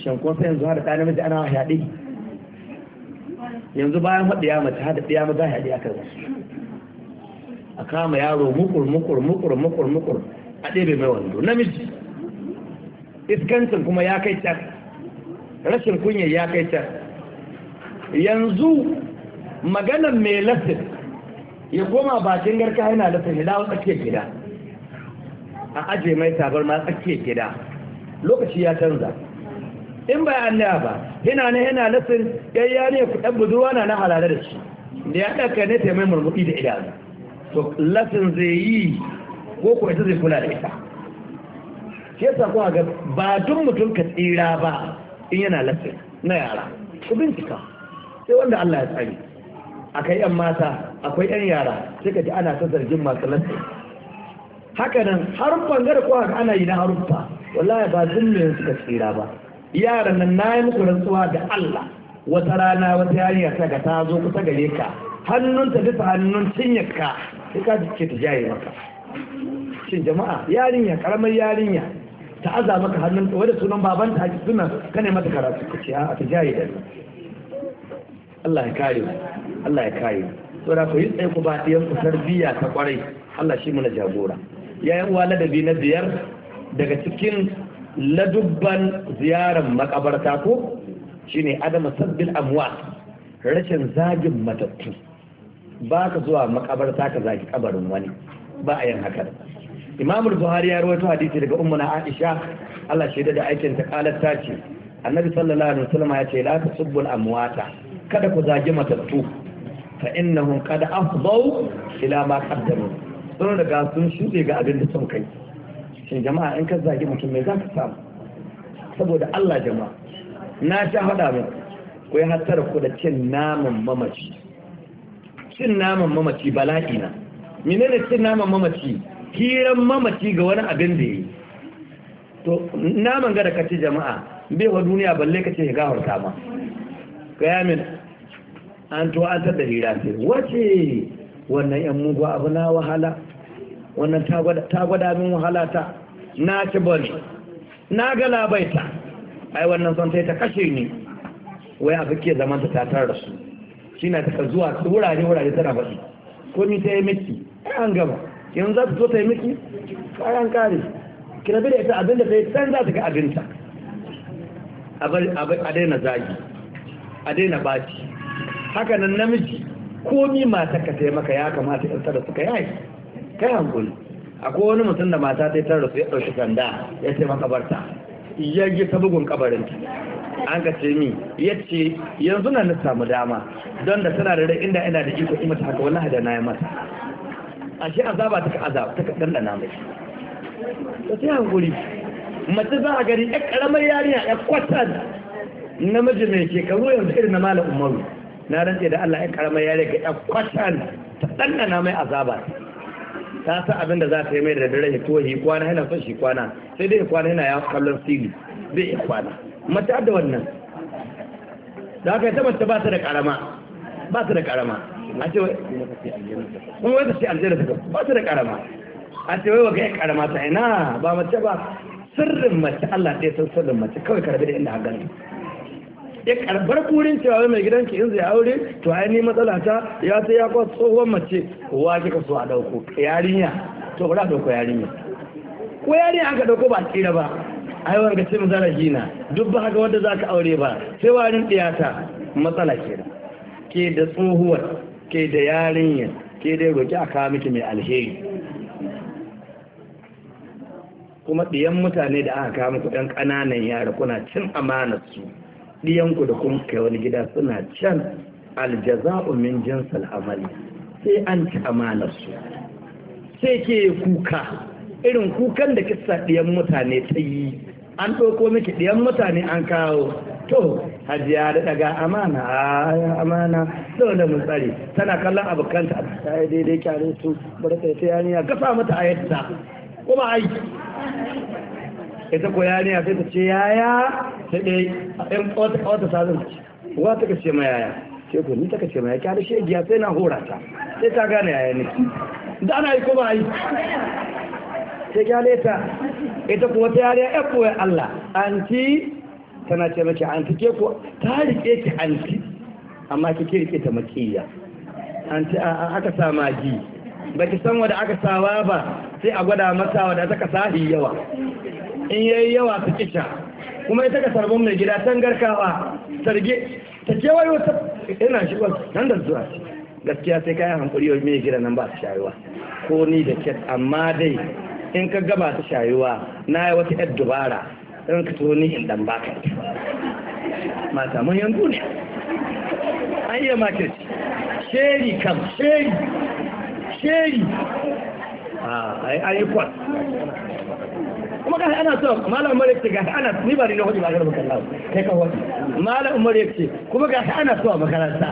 shin kuma sai yanzu hada ɗaya namiji ana haɗe yanzu bayan haɗe ya mace hada ɗaya maza haɗe aka wasu a kama yaro mukur mukur mukur mukur mukur a ɗebe mai wando namiji iskancin kuma ya kai can rashin kunya ya kai can yanzu maganan mai lasin ya koma bakin garka yana lasin ya dawo tsakiyar gida a aje mai sabar ma tsakiyar gida lokaci ya canza in bai an ba yana ne yana lasin yayya ne ku ɗan budurwa na na halala da shi da ya ɗaka ne mai murmuki da idanu to lasin zai yi ko ko ita zai kula da ita shi sa kuma ga ba duk mutum ka tsira ba in yana lasin na yara ku bincika sai wanda Allah ya tsari akai yan mata akwai yan yara suka ji ana ta zargin masu lantai haka nan harfan gada ko haka ana yi na harufa wallahi ba zulmin suka tsira ba yaran nan na yi muku rantsuwa ga Allah wata rana wata yarinya ta ga ta zo kusa gare ka hannunta bisa hannun cinyarka sai ka ce ta jaye maka shin jama'a yarinya karamar yarinya ta aza maka hannun wanda sunan babanta a suna kane mata karatu ka ce a ta jaye da ni Allah ya kare mu Allah ya kare mu to da ku yi tsaye ku ba ta yanku tarbiyya ta kwarai Allah shi na jagora yayin uwa ladabi na biyar daga cikin ladubban ziyarar makabarta ko shine adama sabbil amwa rashin zagin matattu ba ka zuwa makabarta ka zagi kabarin wani ba a yin haka imamul Buhari ya rawaito hadisi daga Ummuna Aisha Allah shaida da aikin ta kalar ta ce annabi sallallahu alaihi wasallam ya ce la tasubbul amwata kada ku zagi matattu fa innahum qad afdau ila ma qaddamu sun daga sun shuɗe ga abin da sun kai shin jama'a in ka zagi mutum mai za ka samu saboda Allah jama'a na sha faɗa mu ku yi hattara ku da cin naman mamaci cin naman mamaci bala'i na menene cin naman mamaci hiran mamaci ga wani abin da yi to naman ga da ci jama'a baiwa wa duniya balle ka ce ya gafarta ma gaya min an to an tada hira sai wace wannan yan mugu abu na wahala wannan ta gwada min wahala ta na ci bani. na ga ta ai wannan son ta kashe ni wai a fike zaman ta ta tara su shi na ta zuwa wurare wurare tana faɗi ko ni ta yi miki an gama yanzu za ta zo ta yi miki ai kare kira bi da ita abinda ta yi can za ta ga abinta a daina zagi a daina baci haka nan namiji komi mata ka sai maka ya kamata ya tara suka yayi kai hankuli akwai wani mutum da mata ta ta su ya ɗauki sanda ya sai maka barta ya ji ta bugun kabarin an ka ce mi ya ce yanzu na samu dama don da tana da rai inda ina da iko imata haka wani hada na ya mata ashe azaba ta ka azaba ta ka ɗanɗana mai ta sai hankuli mace za a gani yan karamar yarinya yan kwatan namiji mai shekaru yanzu irin na malam umaru na rantse da Allah yan karamar yarinya ga yan kwatan ta ɗanɗana mai azaba ta sa abin da za ta yi mai da dare ya yi kwana yana son shi kwana sai dai kwana yana ya kallon sili zai iya kwana mace da wannan da haka ita mace ba ta da karama ba ta da karama a ce kuma wata ce aljihar ba ta da karama a ce wai wa ga karama ta ina ba mace ba sirrin mace Allah ɗaya san sirrin mace kawai karbi da inda hagan ya karbar kurin cewa mai gidanki in zai aure to ai ni matsala ya sai ya kwa tsohon mace wa kika so a dauko yarinya to ba dauko yarinya ko yarinya aka dauko ba tsira ba ai wanga ce zarafi na duk ba haka wanda ka aure ba sai warin diyata matsala kenan ke da tsohuwar ke da yarinya ke dai roki a kawo miki mai alheri kuma ɗiyan mutane da aka kama ku ɗan ƙananan yara kuna cin amanar su ɗiyanku da kuma kai wani gida suna can aljaza'u min jinsal amali sai an ci amanar su sai ke kuka irin kukan da kisa ɗiyan mutane ta yi an ɗauko miki ɗiyan mutane an kawo to hajiya da daga amana a amana dole mu tsare tana kallon abokanta a daidai kyare su bari ta yarinya gasa mata a yadda ko ba ai ita ko ya ne a sai ta ce yaya ta ɗe a ɗin wata sazin wa ta ce ma yaya ce ko ni ta ce ma yaya kyara shegiya sai na hora ta sai ta gane yaya ne da ana yi ko ba ai sai kya ta ita ko wata yariya ya koyar Allah anti tana ce maki anti ke ko ta rike ki anti amma ki rike ta makiya anti aka sa magi ki san wadda aka sawa ba sai a gwada masa wadda ta yi yawa in yayi yawa su kisha kuma ita ka sarbon mai gida garkawa. sarge ta kewayo ta ina shi nan da zuwa gaskiya sai kayan hankuri wa mai gida nan ba su shayuwa ko ni da ket amma dai in ka gaba su shayuwa na yi wata yar dubara in ka ni in dan baka mata mun yanzu ne an iya makirci sheri kam sheri sheri a yi ah, kwan kuma kan ana so malam umar yake ga ana ni ba ni na hudu ba ga makaranta kai ka hudu malam umar yake kuma ga ana so a makaranta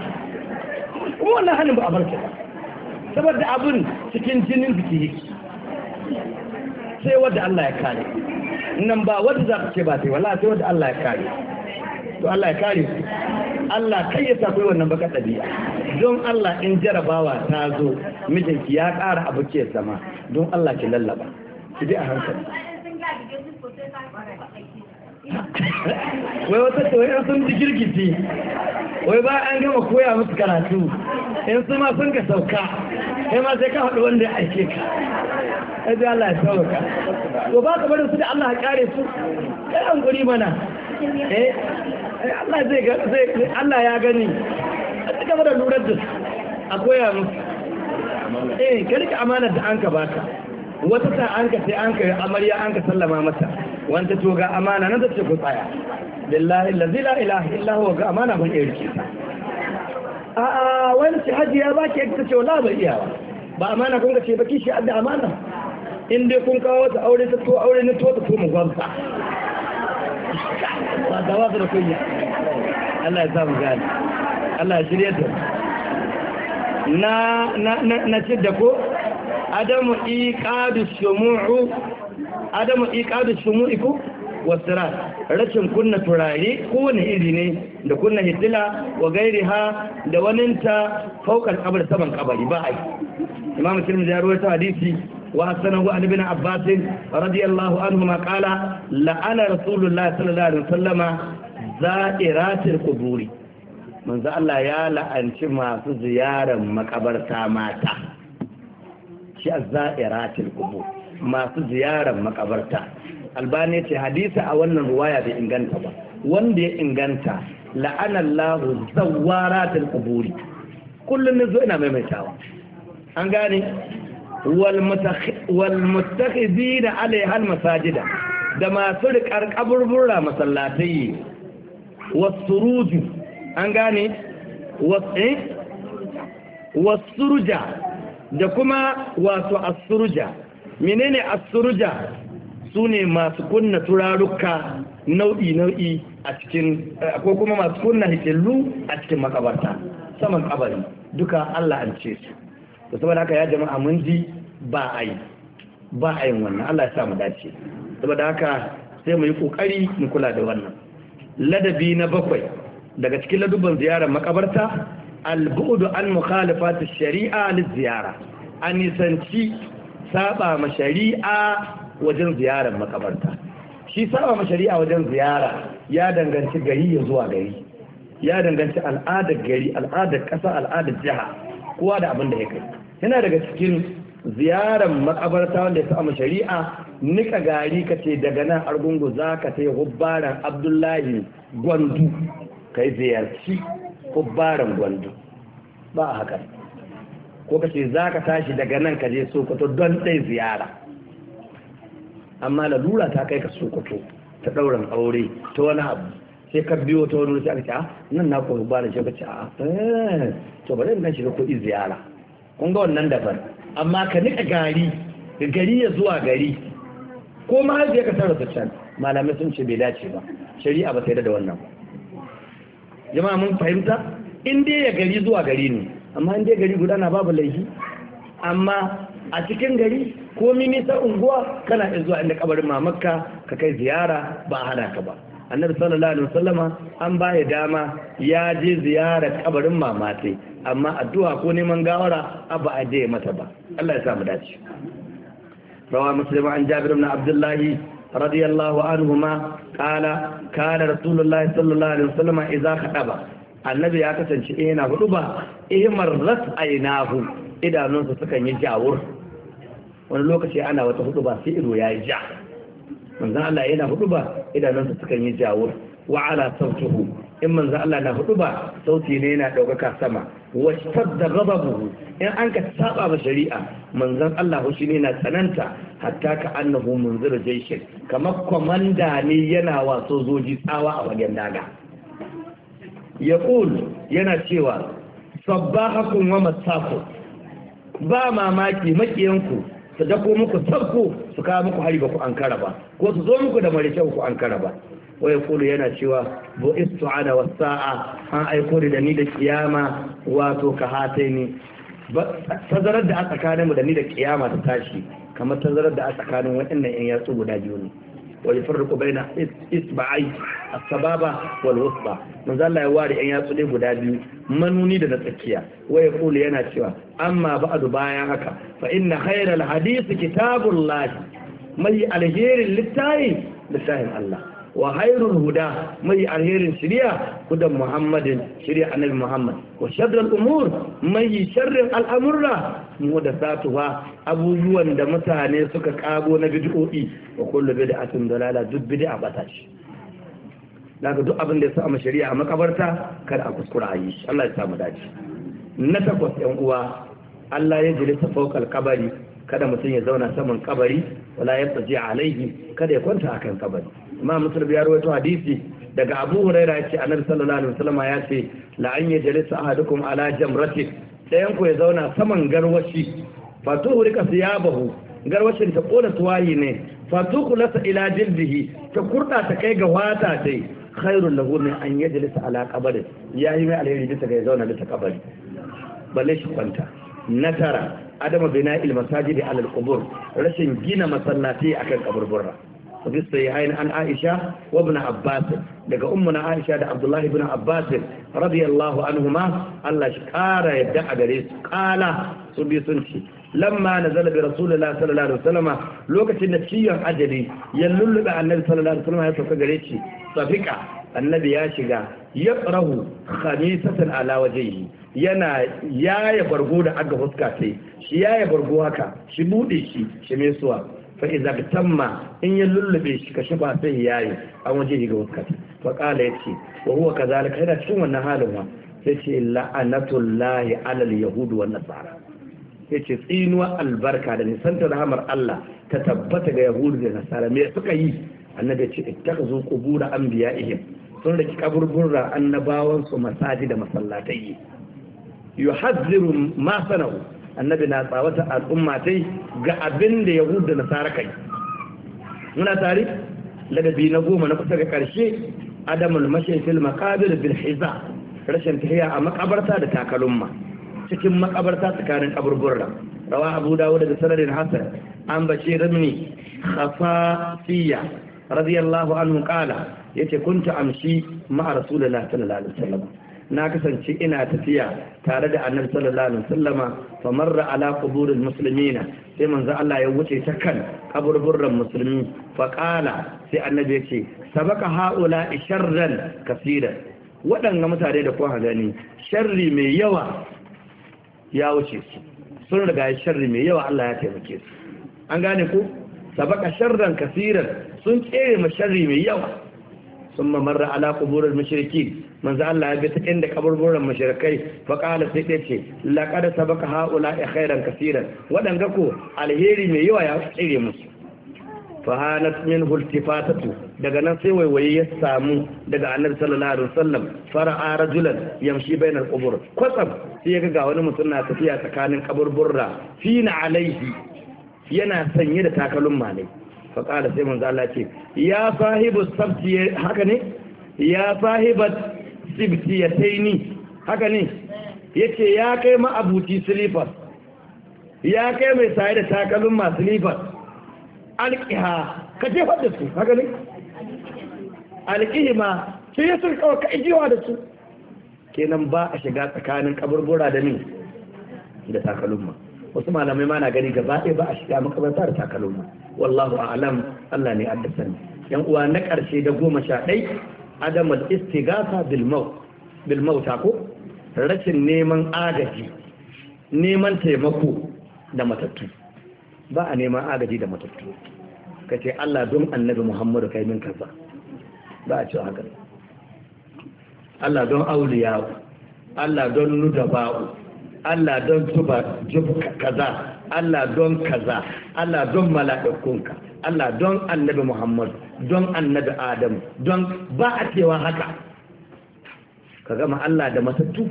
kuma wannan halin ba a barka ba saboda abun cikin jinin biki yake sai wadda Allah ya kare nan ba wadda za ku ce ba sai wallahi sai wadda Allah ya kare to Allah ya kare Allah kai ya sa wannan baka ɗabi'a don Allah in jarabawa ta zo mijinki ya ƙara abu ke zama don Allah ki lallaba ki bi a hankali wai wata wai sun ji girgiti wai ba an gama koya musu karatu in su ma sun ka sauka kai ma sai ka haɗu wanda ya aike ka sai Allah ya sauka ko ba ka bari su da Allah ya kare su kai an guri mana eh, eh Allah zai ga Allah ya gani a cika da lura da a koya musu eh ka rika amanar da an ka baka wata ta an ka sai an ka amarya an ka sallama mata wanda to ga amana nan da ce ku tsaya billahi allazi la ilaha illa huwa ga amana ban iya rike ta a a wani ce hajji ya baki ta ce wala ba iyawa ba amana kun ga ce baki shi adda amana in dai kun kawo ta aure ta to aure ne to ta to mu gwamsa ba da wasu da kunya Allah ya samu gani Allah ya shirya ta na na na ce da ko adamu iqadu shumu'u adamu iqadu shumu'iku wasira rashin kunna turare kowane iri ne da kunna hitila wa gairi ha da waninta faukar kabar saman kabari ba a yi imam da ya ta hadisi wa hasanahu an ibn abbas radiyallahu anhu ma qala la'ana rasulullahi sallallahu alaihi wasallama za'iratil quburi manzo Allah ya la'anci masu ziyaran makabarta mata shi azza'iratil qubur masu ziyarar makabarta albani ce hadisa a wannan ruwaya bai inganta ba wanda ya inganta la'anallahu zawaratil quburi kullum ne zo ina maimaitawa an gane wal muttakhidina alaiha masajida da masu riƙar kaburbura masallatai wasuruju an gane wasu eh? wasuruja da kuma wato asurja menene asurja su ne masu kunna turaruka nau'i-nau'i a cikin eh, ko kuma masu kunna hitillu a cikin makabarta saman kabari duka Allah an ce su da saboda haka ya jama'a mun ji ba a yi ba a yin wannan Allah ya sa mu dace saboda haka sai mu yi kokari mu kula da wannan ladabi na bakwai daga cikin ladubban ziyarar makabarta albudu an mukhalifati shari'a liziyara an nisanci saba ma shari'a wajen ziyarar makabarta shi saba ma shari'a wajen ziyara ya danganci gari ya zuwa gari ya danganci al'adar gari al'adar ƙasa al'adar jiha kowa da abin da ya kai yana daga cikin ziyarar makabarta wanda ya saba ma shari'a nika gari ka ce daga nan argungu za ka sai hubbaran abdullahi gwandu kai ziyarci kubbaran gwandu ba a haka ko ka ce za ka tashi daga nan ka je sokoto don ɗai ziyara amma lalura ta kai ka sokoto ta ɗauran aure ta wani abu sai ka biyo ta wani sai aka ah, nan na ku ba shi ka ce a ah, eh, to bari in shiga kuɗi ziyara kun ga wannan daban amma ka nika gari gari ya zuwa gari ko ma har ka tarasa can malamai sun ce bai dace ba shari'a ba sai da wannan ba jama'a mun fahimta in dai ya gari zuwa gari ne amma in dai gari guda na babu laifi amma a cikin gari ko ta unguwa kana iya zuwa inda kabarin mamakka ka kai ziyara ba a hana ka ba annabi sallallahu alaihi wasallama an ba ya dama ya je ziyara kabarin mamatai amma addu'a ko neman gawara ba a je mata ba Allah ya samu dace rawa muslim an jabir ibn abdullahi رضي الله عنهما قال قال رسول الله صلى الله عليه وسلم إذا خطب annabi ya kasance ina eh, hudu ba ihmar eh, ras ainahu sukan yi jawur wani lokaci ana wata hudu ba sai ido yi ja manzon Allah yana hudu ba sukan yi jawur wa ala sautuhu in manzo Allah na hudu ba sauti ne yana daukaka sama washtadda ghadabuhu in an ka saba ba shari'a manzon Allah shi ne yana tsananta hatta ka annahu munzir jaishin kamar komanda ne yana waso zoji tsawa a wajen daga yaqul yana cewa sabbahakum wa masakum ba mamaki makiyanku su dako muku sabko su kawo muku hari ba ku ankara ba ko su zo muku da mare ku ankara ba wa ya kulu yana cewa bo istu ana wa sa'a an aiko da ni da kiyama wato ka hatai ni tazarar da a tsakaninmu da ni da kiyama ta tashi kamar tazarar da a tsakanin waɗannan 'yan yatsu guda biyu ne walifarruku bai na isba'ai asababa walwusba manzo Allah ya ware ɗan yatsu ne guda biyu manuni da na tsakiya wa ya kula yana cewa amma ba adu bayan haka fa inna khairal hadisi kitabullah mai alherin littafi Littafin Allah wa hairun huda mai alherin shirya kudan muhammadin shirya annabi muhammad wa sharrin umur mai sharrin al'amurra mu da satuwa abubuwan da mutane suka kago na bid'o'i wa kullu bid'atin dalala duk bid'a bata shi daga duk abin da ya samu shari'a a makabarta kar a kuskura a yi Allah ya samu dace na takwas yan uwa Allah ya jiri ta kabari kada mutum ya zauna saman kabari wala jiya alaihi kada ya kwanta akan kabari amma Musulmi ya rawaito hadisi daga abu huraira ya ce annabi sallallahu alaihi wasallam ya ce la an yajlisa ahadukum ala jamrati dayan ku ya zauna saman garwashi fatu ya bahu garwashin ta kona tuwayi ne fatu lasa ila jildihi ta kurda ta kai ga wata dai khairul lahu min an yajlisa ala qabri yayi mai alheri bisa ga ya zauna da ta kabari balle shi kwanta na tara adama bina il da ala al rashin gina masallati akan kaburburra fi sahihain an Aisha wa ibn Abbas daga ummuna Aisha da abdullahi ibn Abbas radiyallahu anhuma Allah shi kara yadda a gare su kala su bi sun ci lamma nazala bi rasulillah sallallahu alaihi wasallam lokacin da ciyon ajali ya lulluɓe annabi sallallahu alaihi wasallam ya sauka gare shi safika annabi ya shiga ya tsarahu khamisatan ala wajhihi yana yaya bargo da aka fuska sai shi yaya bargo haka shi bude shi shi mai suwa fa idza tamma in ya lullube shi ka shiba sai yayi an waje ga fuska fa qala yace wa huwa kazalika yana cikin wannan halin wa yace la'anatullahi ala alyahud wa nasara yace tsinuwa albarka da nisantar rahamar Allah ta tabbata ga yahudu da nasara me suka yi annabi ya ce ittakhadhu qubura anbiya'ihim sun raki kaburburra annabawansu masaji da masallatai yuhazziru ma annabi na tsawata al'umma tai ga abin da yahud da nasara kai muna tare ladabi na goma na kusa ga karshe adamul mashin fil bil hiza rashin tahiya a makabarta da takalumma cikin makabarta tsakanin kaburburra rawa abu dawud da sanadin hasan an bace ramni khafasiya radiyallahu anhu qala yace kunta amshi ma'a rasulullahi sallallahu alaihi wasallam na kasance ina tafiya tare da annabi sallallahu alaihi wasallama fa marra ala quburil muslimina sai manzo Allah ya wuce ta kan kaburburran musulmi fa qala sai annabi ya ce sabaka haula sharran kaseeran waɗanga mutane da kuka gani sharri mai yawa ya wuce su sun riga sharri mai yawa Allah ya taimake su an gane ku sabaka sharran kaseeran sun tsere ma sharri mai yawa sun mamarra ala kuburar mashirki manzo Allah ya bi ta inda kaburburan mashirkai fa qala ta ce laqad sabaka haula khairan kaseeran wadanga ku alheri mai yawa ya tsire musu fa hanat min hultifatatu daga nan sai waiwaye ya samu daga annabi sallallahu alaihi wasallam fara'a rajulan yamshi bainal qubur kwatsam sai ya ga wani mutum na tafiya tsakanin kaburburra fina alaihi yana sanye da takalun malai fa qala sai manzo Allah ce ya sahibu sabti haka ne ya sahibat sibtiyataini haka ne yace ya kai ma abuti slippers ya kai mai saye da takalmin masu slippers alqiha ka je da su haka ne alqihima sai ya sulka ka ijiwa da su kenan ba a shiga tsakanin kaburbura da ni da takalmin wasu malamai ma na gani gaba ɗaya ba a shiga makabarta da takalma wallahu a'lam Allah ne addasani yan uwa na ƙarshe da goma sha ɗai adam al-istighatha bil maut bil mauta ko rashin neman agaji neman taimako da matattu ba a neman agaji da matattu kace Allah don annabi Muhammadu kai min kaza ba a cewa haka Allah don auliya Allah don nudaba. Allah don zuba kaza Allah don kaza Allah don mala'ikunka Allah don annabi Muhammad don annabi Adam don ba a cewa haka ka gama Allah da matattu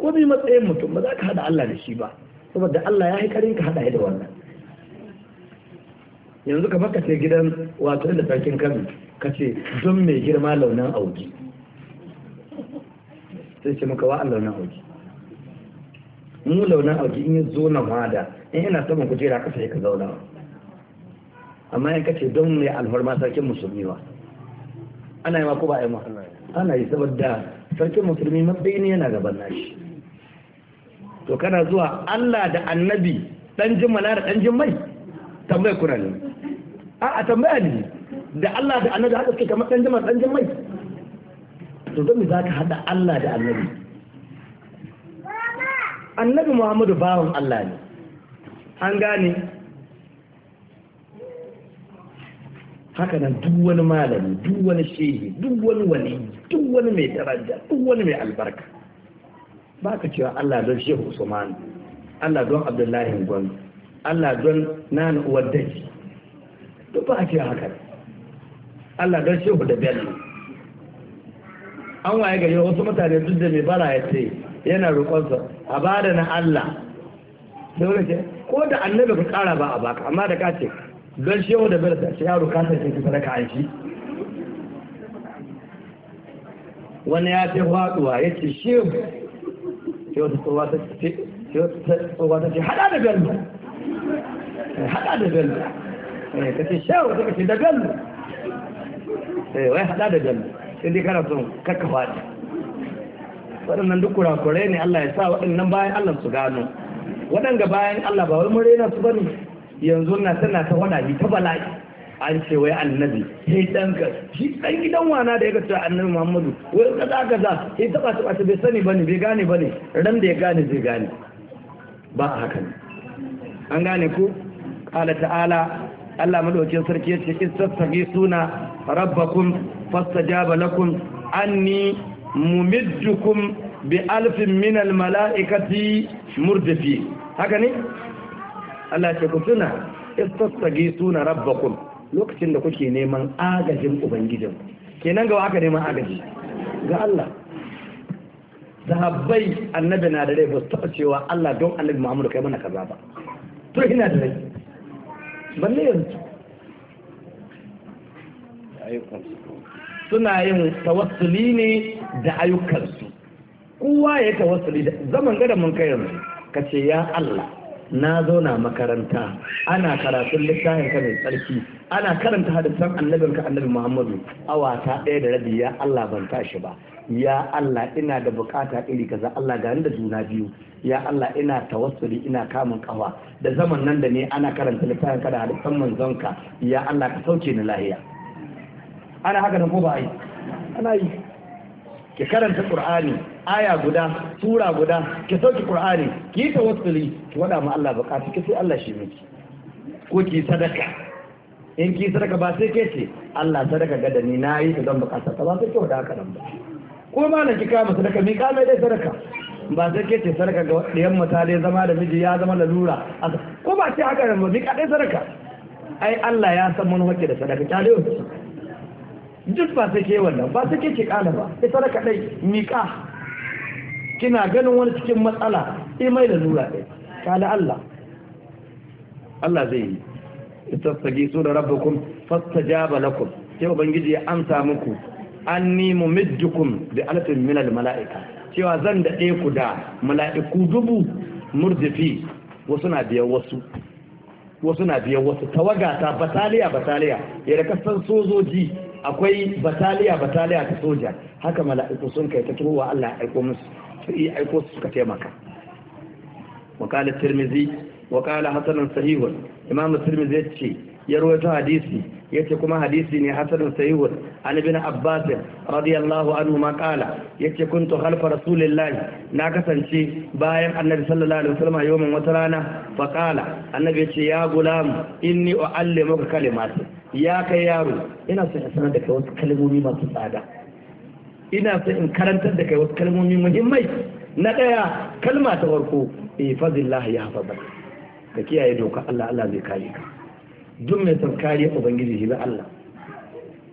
ko bi matsayin mutum ba za ka hada Allah da shi ba saboda Allah ya haikarin ka hada da wannan yanzu ka baka ce gidan wato inda sarkin kano ka ce don mai girma launin auki sai ce maka wa'an launin auki mu launin auki in ya zo na mada, in yana saman da kasa ya ka zauna amma in kace don mai alfarma sarkin musulmi ba ana yi ma ko ba yi ma ana yi saboda sarkin musulmi matsayi ne yana gaban nashi to kana zuwa Allah da annabi dan jin mana da dan jin mai tambayar kuna ne a a tambaya ne da Allah da annabi haka suke kamar dan jin dan jin mai to don me zaka hada Allah da annabi annabi muhammadu bawan Allah ne an gane haka nan duk wani malami duk wani shehi duk wani wani duk wani mai daraja duk wani mai albarka ba ka cewa Allah don shehu usman Allah don abdullahi gwan Allah don nan uwar daji duk ba a cewa haka Allah don shehu da bello an waye gari wasu mutane duk da mai bara ya ce yana roƙonsa a ba da na Allah dole ce ko da annabi ka kara ba a baka amma da kace ce don shehu da bar shi yaro ka ce ki sadaka aiki wani ya ce faduwa ya ce shehu yau wata tsohuwa ta ce tsohuwa ta ce hada da bello eh, hada da bello eh, ka ce shehu ta ce da bello eh, wai hada da bello sai dai kana son kakka faɗi waɗannan duk kurakurai ne Allah ya sa waɗannan bayan Allah su gano waɗanga bayan Allah ba wani murena su bane yanzu na tana ta wada bi ta bala'i an ce wai annabi sai dan ka shi dan gidan wana da ya ga annabi Muhammadu wai ka za? sai ta ta bai sani bane bai gane bane ran da ya gane zai gane ba haka ne an gane ku qala ta'ala Allah madaukakin sarki yace in suna rabbakum fastajaba lakum anni mumiddukum bi alfin min almala'ikati murdafi haka ne Allah ce ku suna istasagi suna rabbakum lokacin da kuke neman agajin ubangijin kenan ga aka neman agaji ga Allah sahabbai annabi na da rai ba su taɓa cewa Allah don annabi Muhammadu kai mana kaza ba to ina da rai balle yanzu ayyukan su suna yin tawassuli ne da ayyukansu kowa ya tawassuli da zaman gada mun kai yanzu ka ce ya Allah na zauna makaranta ana karatun littafin ka mai tsarki ana karanta hadisan annabinka annabi Muhammadu awa ta ɗaya da rabi ya Allah ban tashi ba ya Allah ina da bukata iri kaza Allah gani da juna biyu ya Allah ina tawassuli ina kamun kawa da zaman nan da ne ana karanta littafin ka da hadisan manzonka ya Allah ka sauke ni lahiya ana haka da ko ba yi ana yi ki karanta qur'ani aya guda sura guda ki sauki qur'ani ki tawassuli ki wada ma Allah bukatu ki sai Allah shi miki ko ki sadaka in ki sadaka ba sai ke ce Allah sadaka ga da ni nayi ta zan bukata ta ba sai ki wada haka nan ba ko ma na ki kama sadaka mi ka mai dai sadaka ba sai ke ce sadaka ga ɗayan mutane zama da miji ya zama lalura ko ba sai haka nan ba mi ka dai sadaka ai Allah ya san mun hake da sadaka ta dai duk ba sai ke wannan ba sai ke ke kana ba ita da kadai miƙa kina ganin wani cikin matsala imai eh, da nura ɗaya kala Allah Allah zai yi ita sagi su da rabbukum fastajaba lakum sai ubangiji ya amsa muku anni mumiddukum bi alfin min al mala'ika cewa zan daɗe ku da mala'iku dubu murjifi wasu na biyan wasu wasu na biyan wasu tawaga ta bataliya bataliya ya da kasan sojoji akwai bataliya bataliya ta soja haka mala'iku sun kai ta turuwa Allah ya aiko musu su yi aiko su suka taimaka وقال sahihun imamu tirmizi ya ce الترمذي يتي hadisi ya yace kuma hadisi ne hasanun sahihun an ibn abbas radiyallahu anhu ma qala yace kuntu khalfa rasulillahi na kasance bayan annabi sallallahu alaihi wasallam yawmin wata rana fa qala annabi yace ya gulam inni uallimuka kalimatin ya kai yaro ina son in sanar da kai wasu kalmomi masu tsada ina son in karantar da kai wasu kalmomi muhimmai na ɗaya kalma ta farko ifazillah eh, ya hafaza ka kiyaye doka Allah Allah zai kare ka duk mai son kare ubangiji shi bi Allah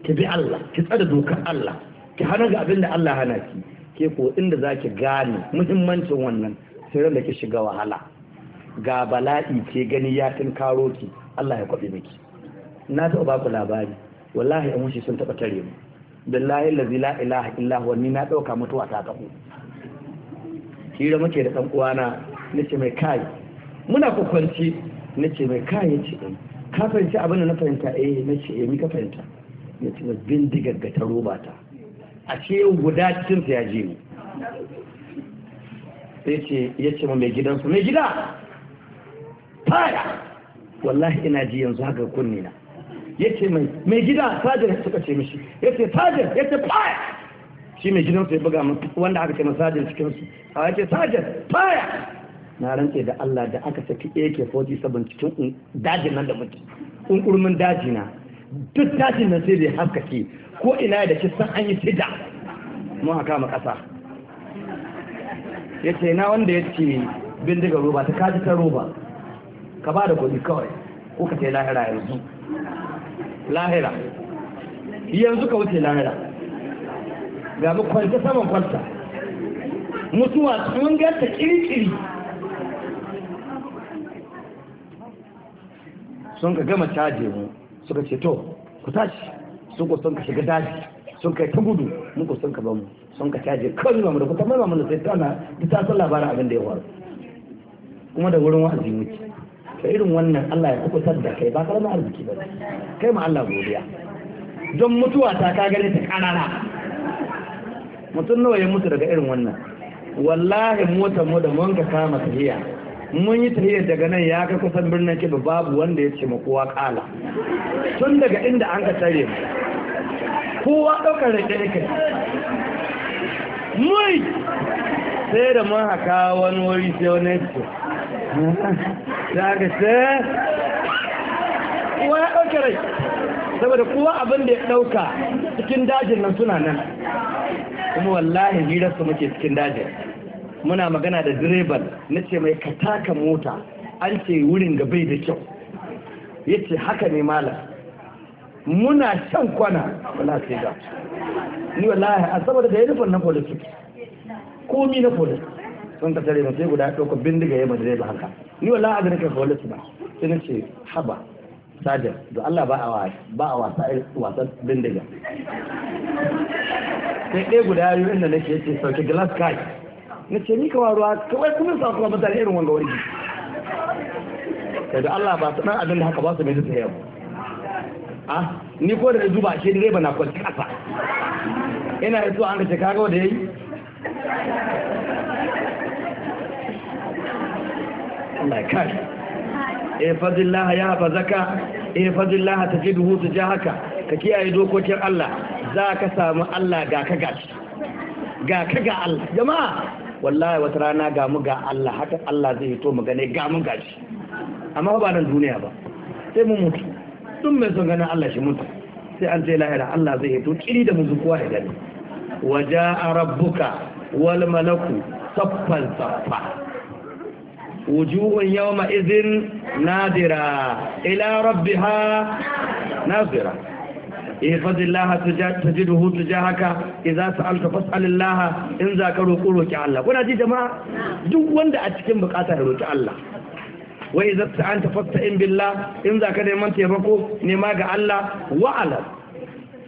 ki bi Allah ki tsada dokar Allah ki hana ga abin da Allah hana ki ke ko inda zaki gane muhimmancin wannan sai da ki shiga wahala ga bala'i ce gani ya tun karo ki Allah ya kwaɓe miki na taɓa ba ku labari wallahi yan wuce sun taɓa tare mu billahi lazi la ilaha illa wani na ɗauka mutuwa ta kafu hira muke da ɗan uwana nace mai kai muna kwakwanci nace mai kai ce ɗin eh. ka fahimci abin da na fahimta eh nace eh mi ka fahimta ce mai bindigar ga ta roba ta a ce guda cikin ta ya je ni sai ce yace ma mai gidansu mai gida fara wallahi ina ji yanzu haka kunni na yace mai mai gida sajar suka ce mishi yace sajar yace fire shi mai gidansu ya buga wanda aka ce sajin cikin su a yace sajar fire na rantse da Allah da aka saki AK47 cikin dajin nan da muke kunkurmin daji na duk dajin nan sai bai haskake ko ina da san an yi sida mun haka ma kasa yace na wanda ya ce bindiga roba ta kaji ta roba ka ba da kuɗi kawai ko ka sai lahira yanzu lahira yanzu ka wuce lahira ga mu kwanta saman kwanta mutuwa sun ganta kirkiri sun ka gama caje mu suka ce to ku tashi sun ko sun ka shiga daji sun kai ta gudu mun ko sun ka bamu sun ka caje kawai mu da kuta mai mu da sai tana ta san labarin abin da ya faru kuma da wurin wa'azi muke Ka irin wannan Allah ya kubutar da kai ba karamin arziki ba kai ma Allah godiya don mutuwa ta ka gani ta karara mutum nawa ya mutu daga irin wannan wallahi motar mu da mun ka kama tahiya mun yi tahiyar daga nan ya ka kusan birnin kiba babu wanda ya ce mu kowa kala tun daga inda an ka tare mu kowa ɗaukar da ɗaya kai mai sai da mun haka wani wuri sai wani ya daga sai kowa ya ɗauke rai saboda kuwa abin da ya ɗauka cikin dajin nan suna nan kuma wallahi hirar su muke cikin dajin muna magana da direban na ce mai kataka mota an ce wurin ga bai da kyau ya ce haka ne malam muna shan kwana wala sai ga ni wallahi a saboda da ya nufin na politik komi na politik sun ka tare sai guda ɗauka bindiga ya madare da haka ni wallahi a ganin ka wallahi ba sai nace haba sajan da Allah ba a ba a wasa wasan bindiga sai ɗaya guda yau inda nake yace sauke glass kai ce ni ka waruwa kawai kuma sa kuma mutane irin wanga wuri da Allah ba su dan abin da haka ba su mai da yau a ah, ni ko da duba shi dai ba na kwanci kasa ina zuwa an ka ce kaga wanda yayi Allah ya kare ihfazillaha eh, ya duhu ta ja tujahaka ka kiyaye dokokin Allah za ka samu Allah ga ka ga ga ka ga Allah jama'a wallahi wata rana ga mu ga Allah haka Allah zai hito mu gane ga mu gashi amma ba nan duniya ba sai mu mutu sun mai son ganin Allah shi mutu sai an ce lahira Allah zai hito kiri da mu kowa ya gani waja rabbuka wal malaku saffan saffa wujuhun yawma izin nadira ila rabbiha nazira ihfaz Allah tajiduhu tujahaka idza sa'alta fas'al Allah in za ka roƙo roƙi Allah kuna ji jama'a duk wanda a cikin bukata da roƙi Allah wa idza sa'anta fasta'in billah in za ka neman taimako nema ga Allah wa'ala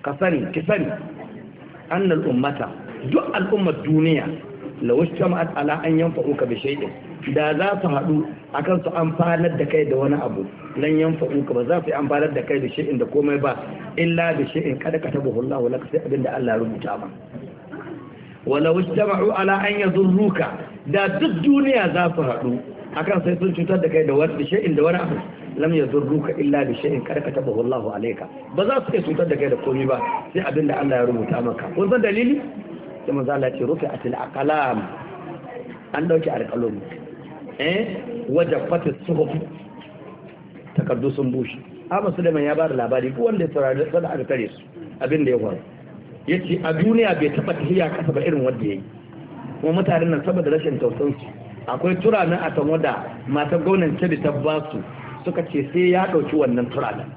ka sani annal ummata duk al'ummar duniya lawashtam at ala an yanfa'uka bi shay'in da za su haɗu akan su amfanar da kai da wani abu lan yanfa'uka ba za su amfanar da kai da shay'in da komai ba illa bi shay'in kada ka tabu Allah laka sai abinda Allah rubuta ma wala wajtama'u ala an ya zurruka da duk duniya za su haɗu akan sai sun cutar da kai da wani shay'in da wani abu lam zurruka illa bi shay'in kada ka tabu Allah alayka ba za su iya cutar da kai da komai ba sai abinda Allah ya rubuta maka kun san dalili sai manzo Allah ce rufi atil aqlam an dauki alqalum eh wajafatu suhuf Takardu sun bushe amma Sulaiman ya bada labari ko wanda ya saurari da aka tare su abin da ya faru yace a duniya bai taba tahiya kasa ba irin wanda ya yi. kuma mutanen nan saboda rashin tausansu akwai turanin a tamo da matan gwamnan kebe ta basu suka ce sai ya ɗauki wannan turanin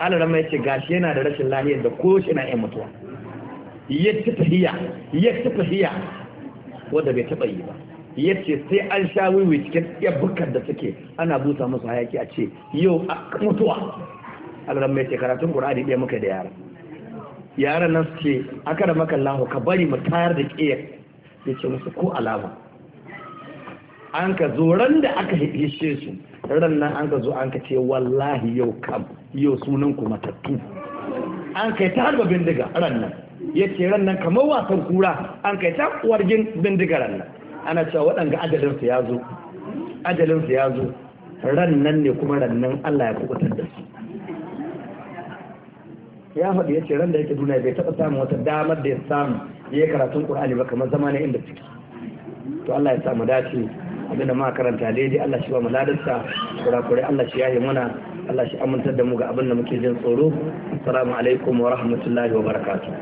alarama ya ce gashi yana da rashin lahiyar da ko na 'yan mutuwa ya ci tahiya ya ci tahiya wanda bai taɓa yi ba yace sai an sha wiwi cikin yabbukar da suke ana busa musu hayaki a ce yau a mutuwa alaran mai ce karatun ƙur'ani ɗaya muka da yara yaran nan suke aka da makallahu ka bari mu tayar da ƙiyar ya musu ko alama an ka zo ran da aka hishe su ran nan an ka zo an ka ce wallahi yau kam yau sunan ku matattu an kai ta harba bindiga ran nan ya ce ran nan kamar wasan kura an kai ta wargin bindigaran nan ana cewa waɗanga ajalinsu ya zo ajalinsu ya zo ran nan ne kuma ran nan Allah ya kubutar da su ya faɗi ya ce ran da yake duna bai taɓa samun wata damar da ya samu ya yi karatun ƙur'ani ba kamar zama na inda ciki to Allah ya samu dace abinda ma karanta daidai Allah shi ba mu ladarsa kurakurai Allah shi yi muna Allah shi amintar da mu ga abin da muke jin tsoro assalamu alaikum wa rahmatullahi wa barakatuh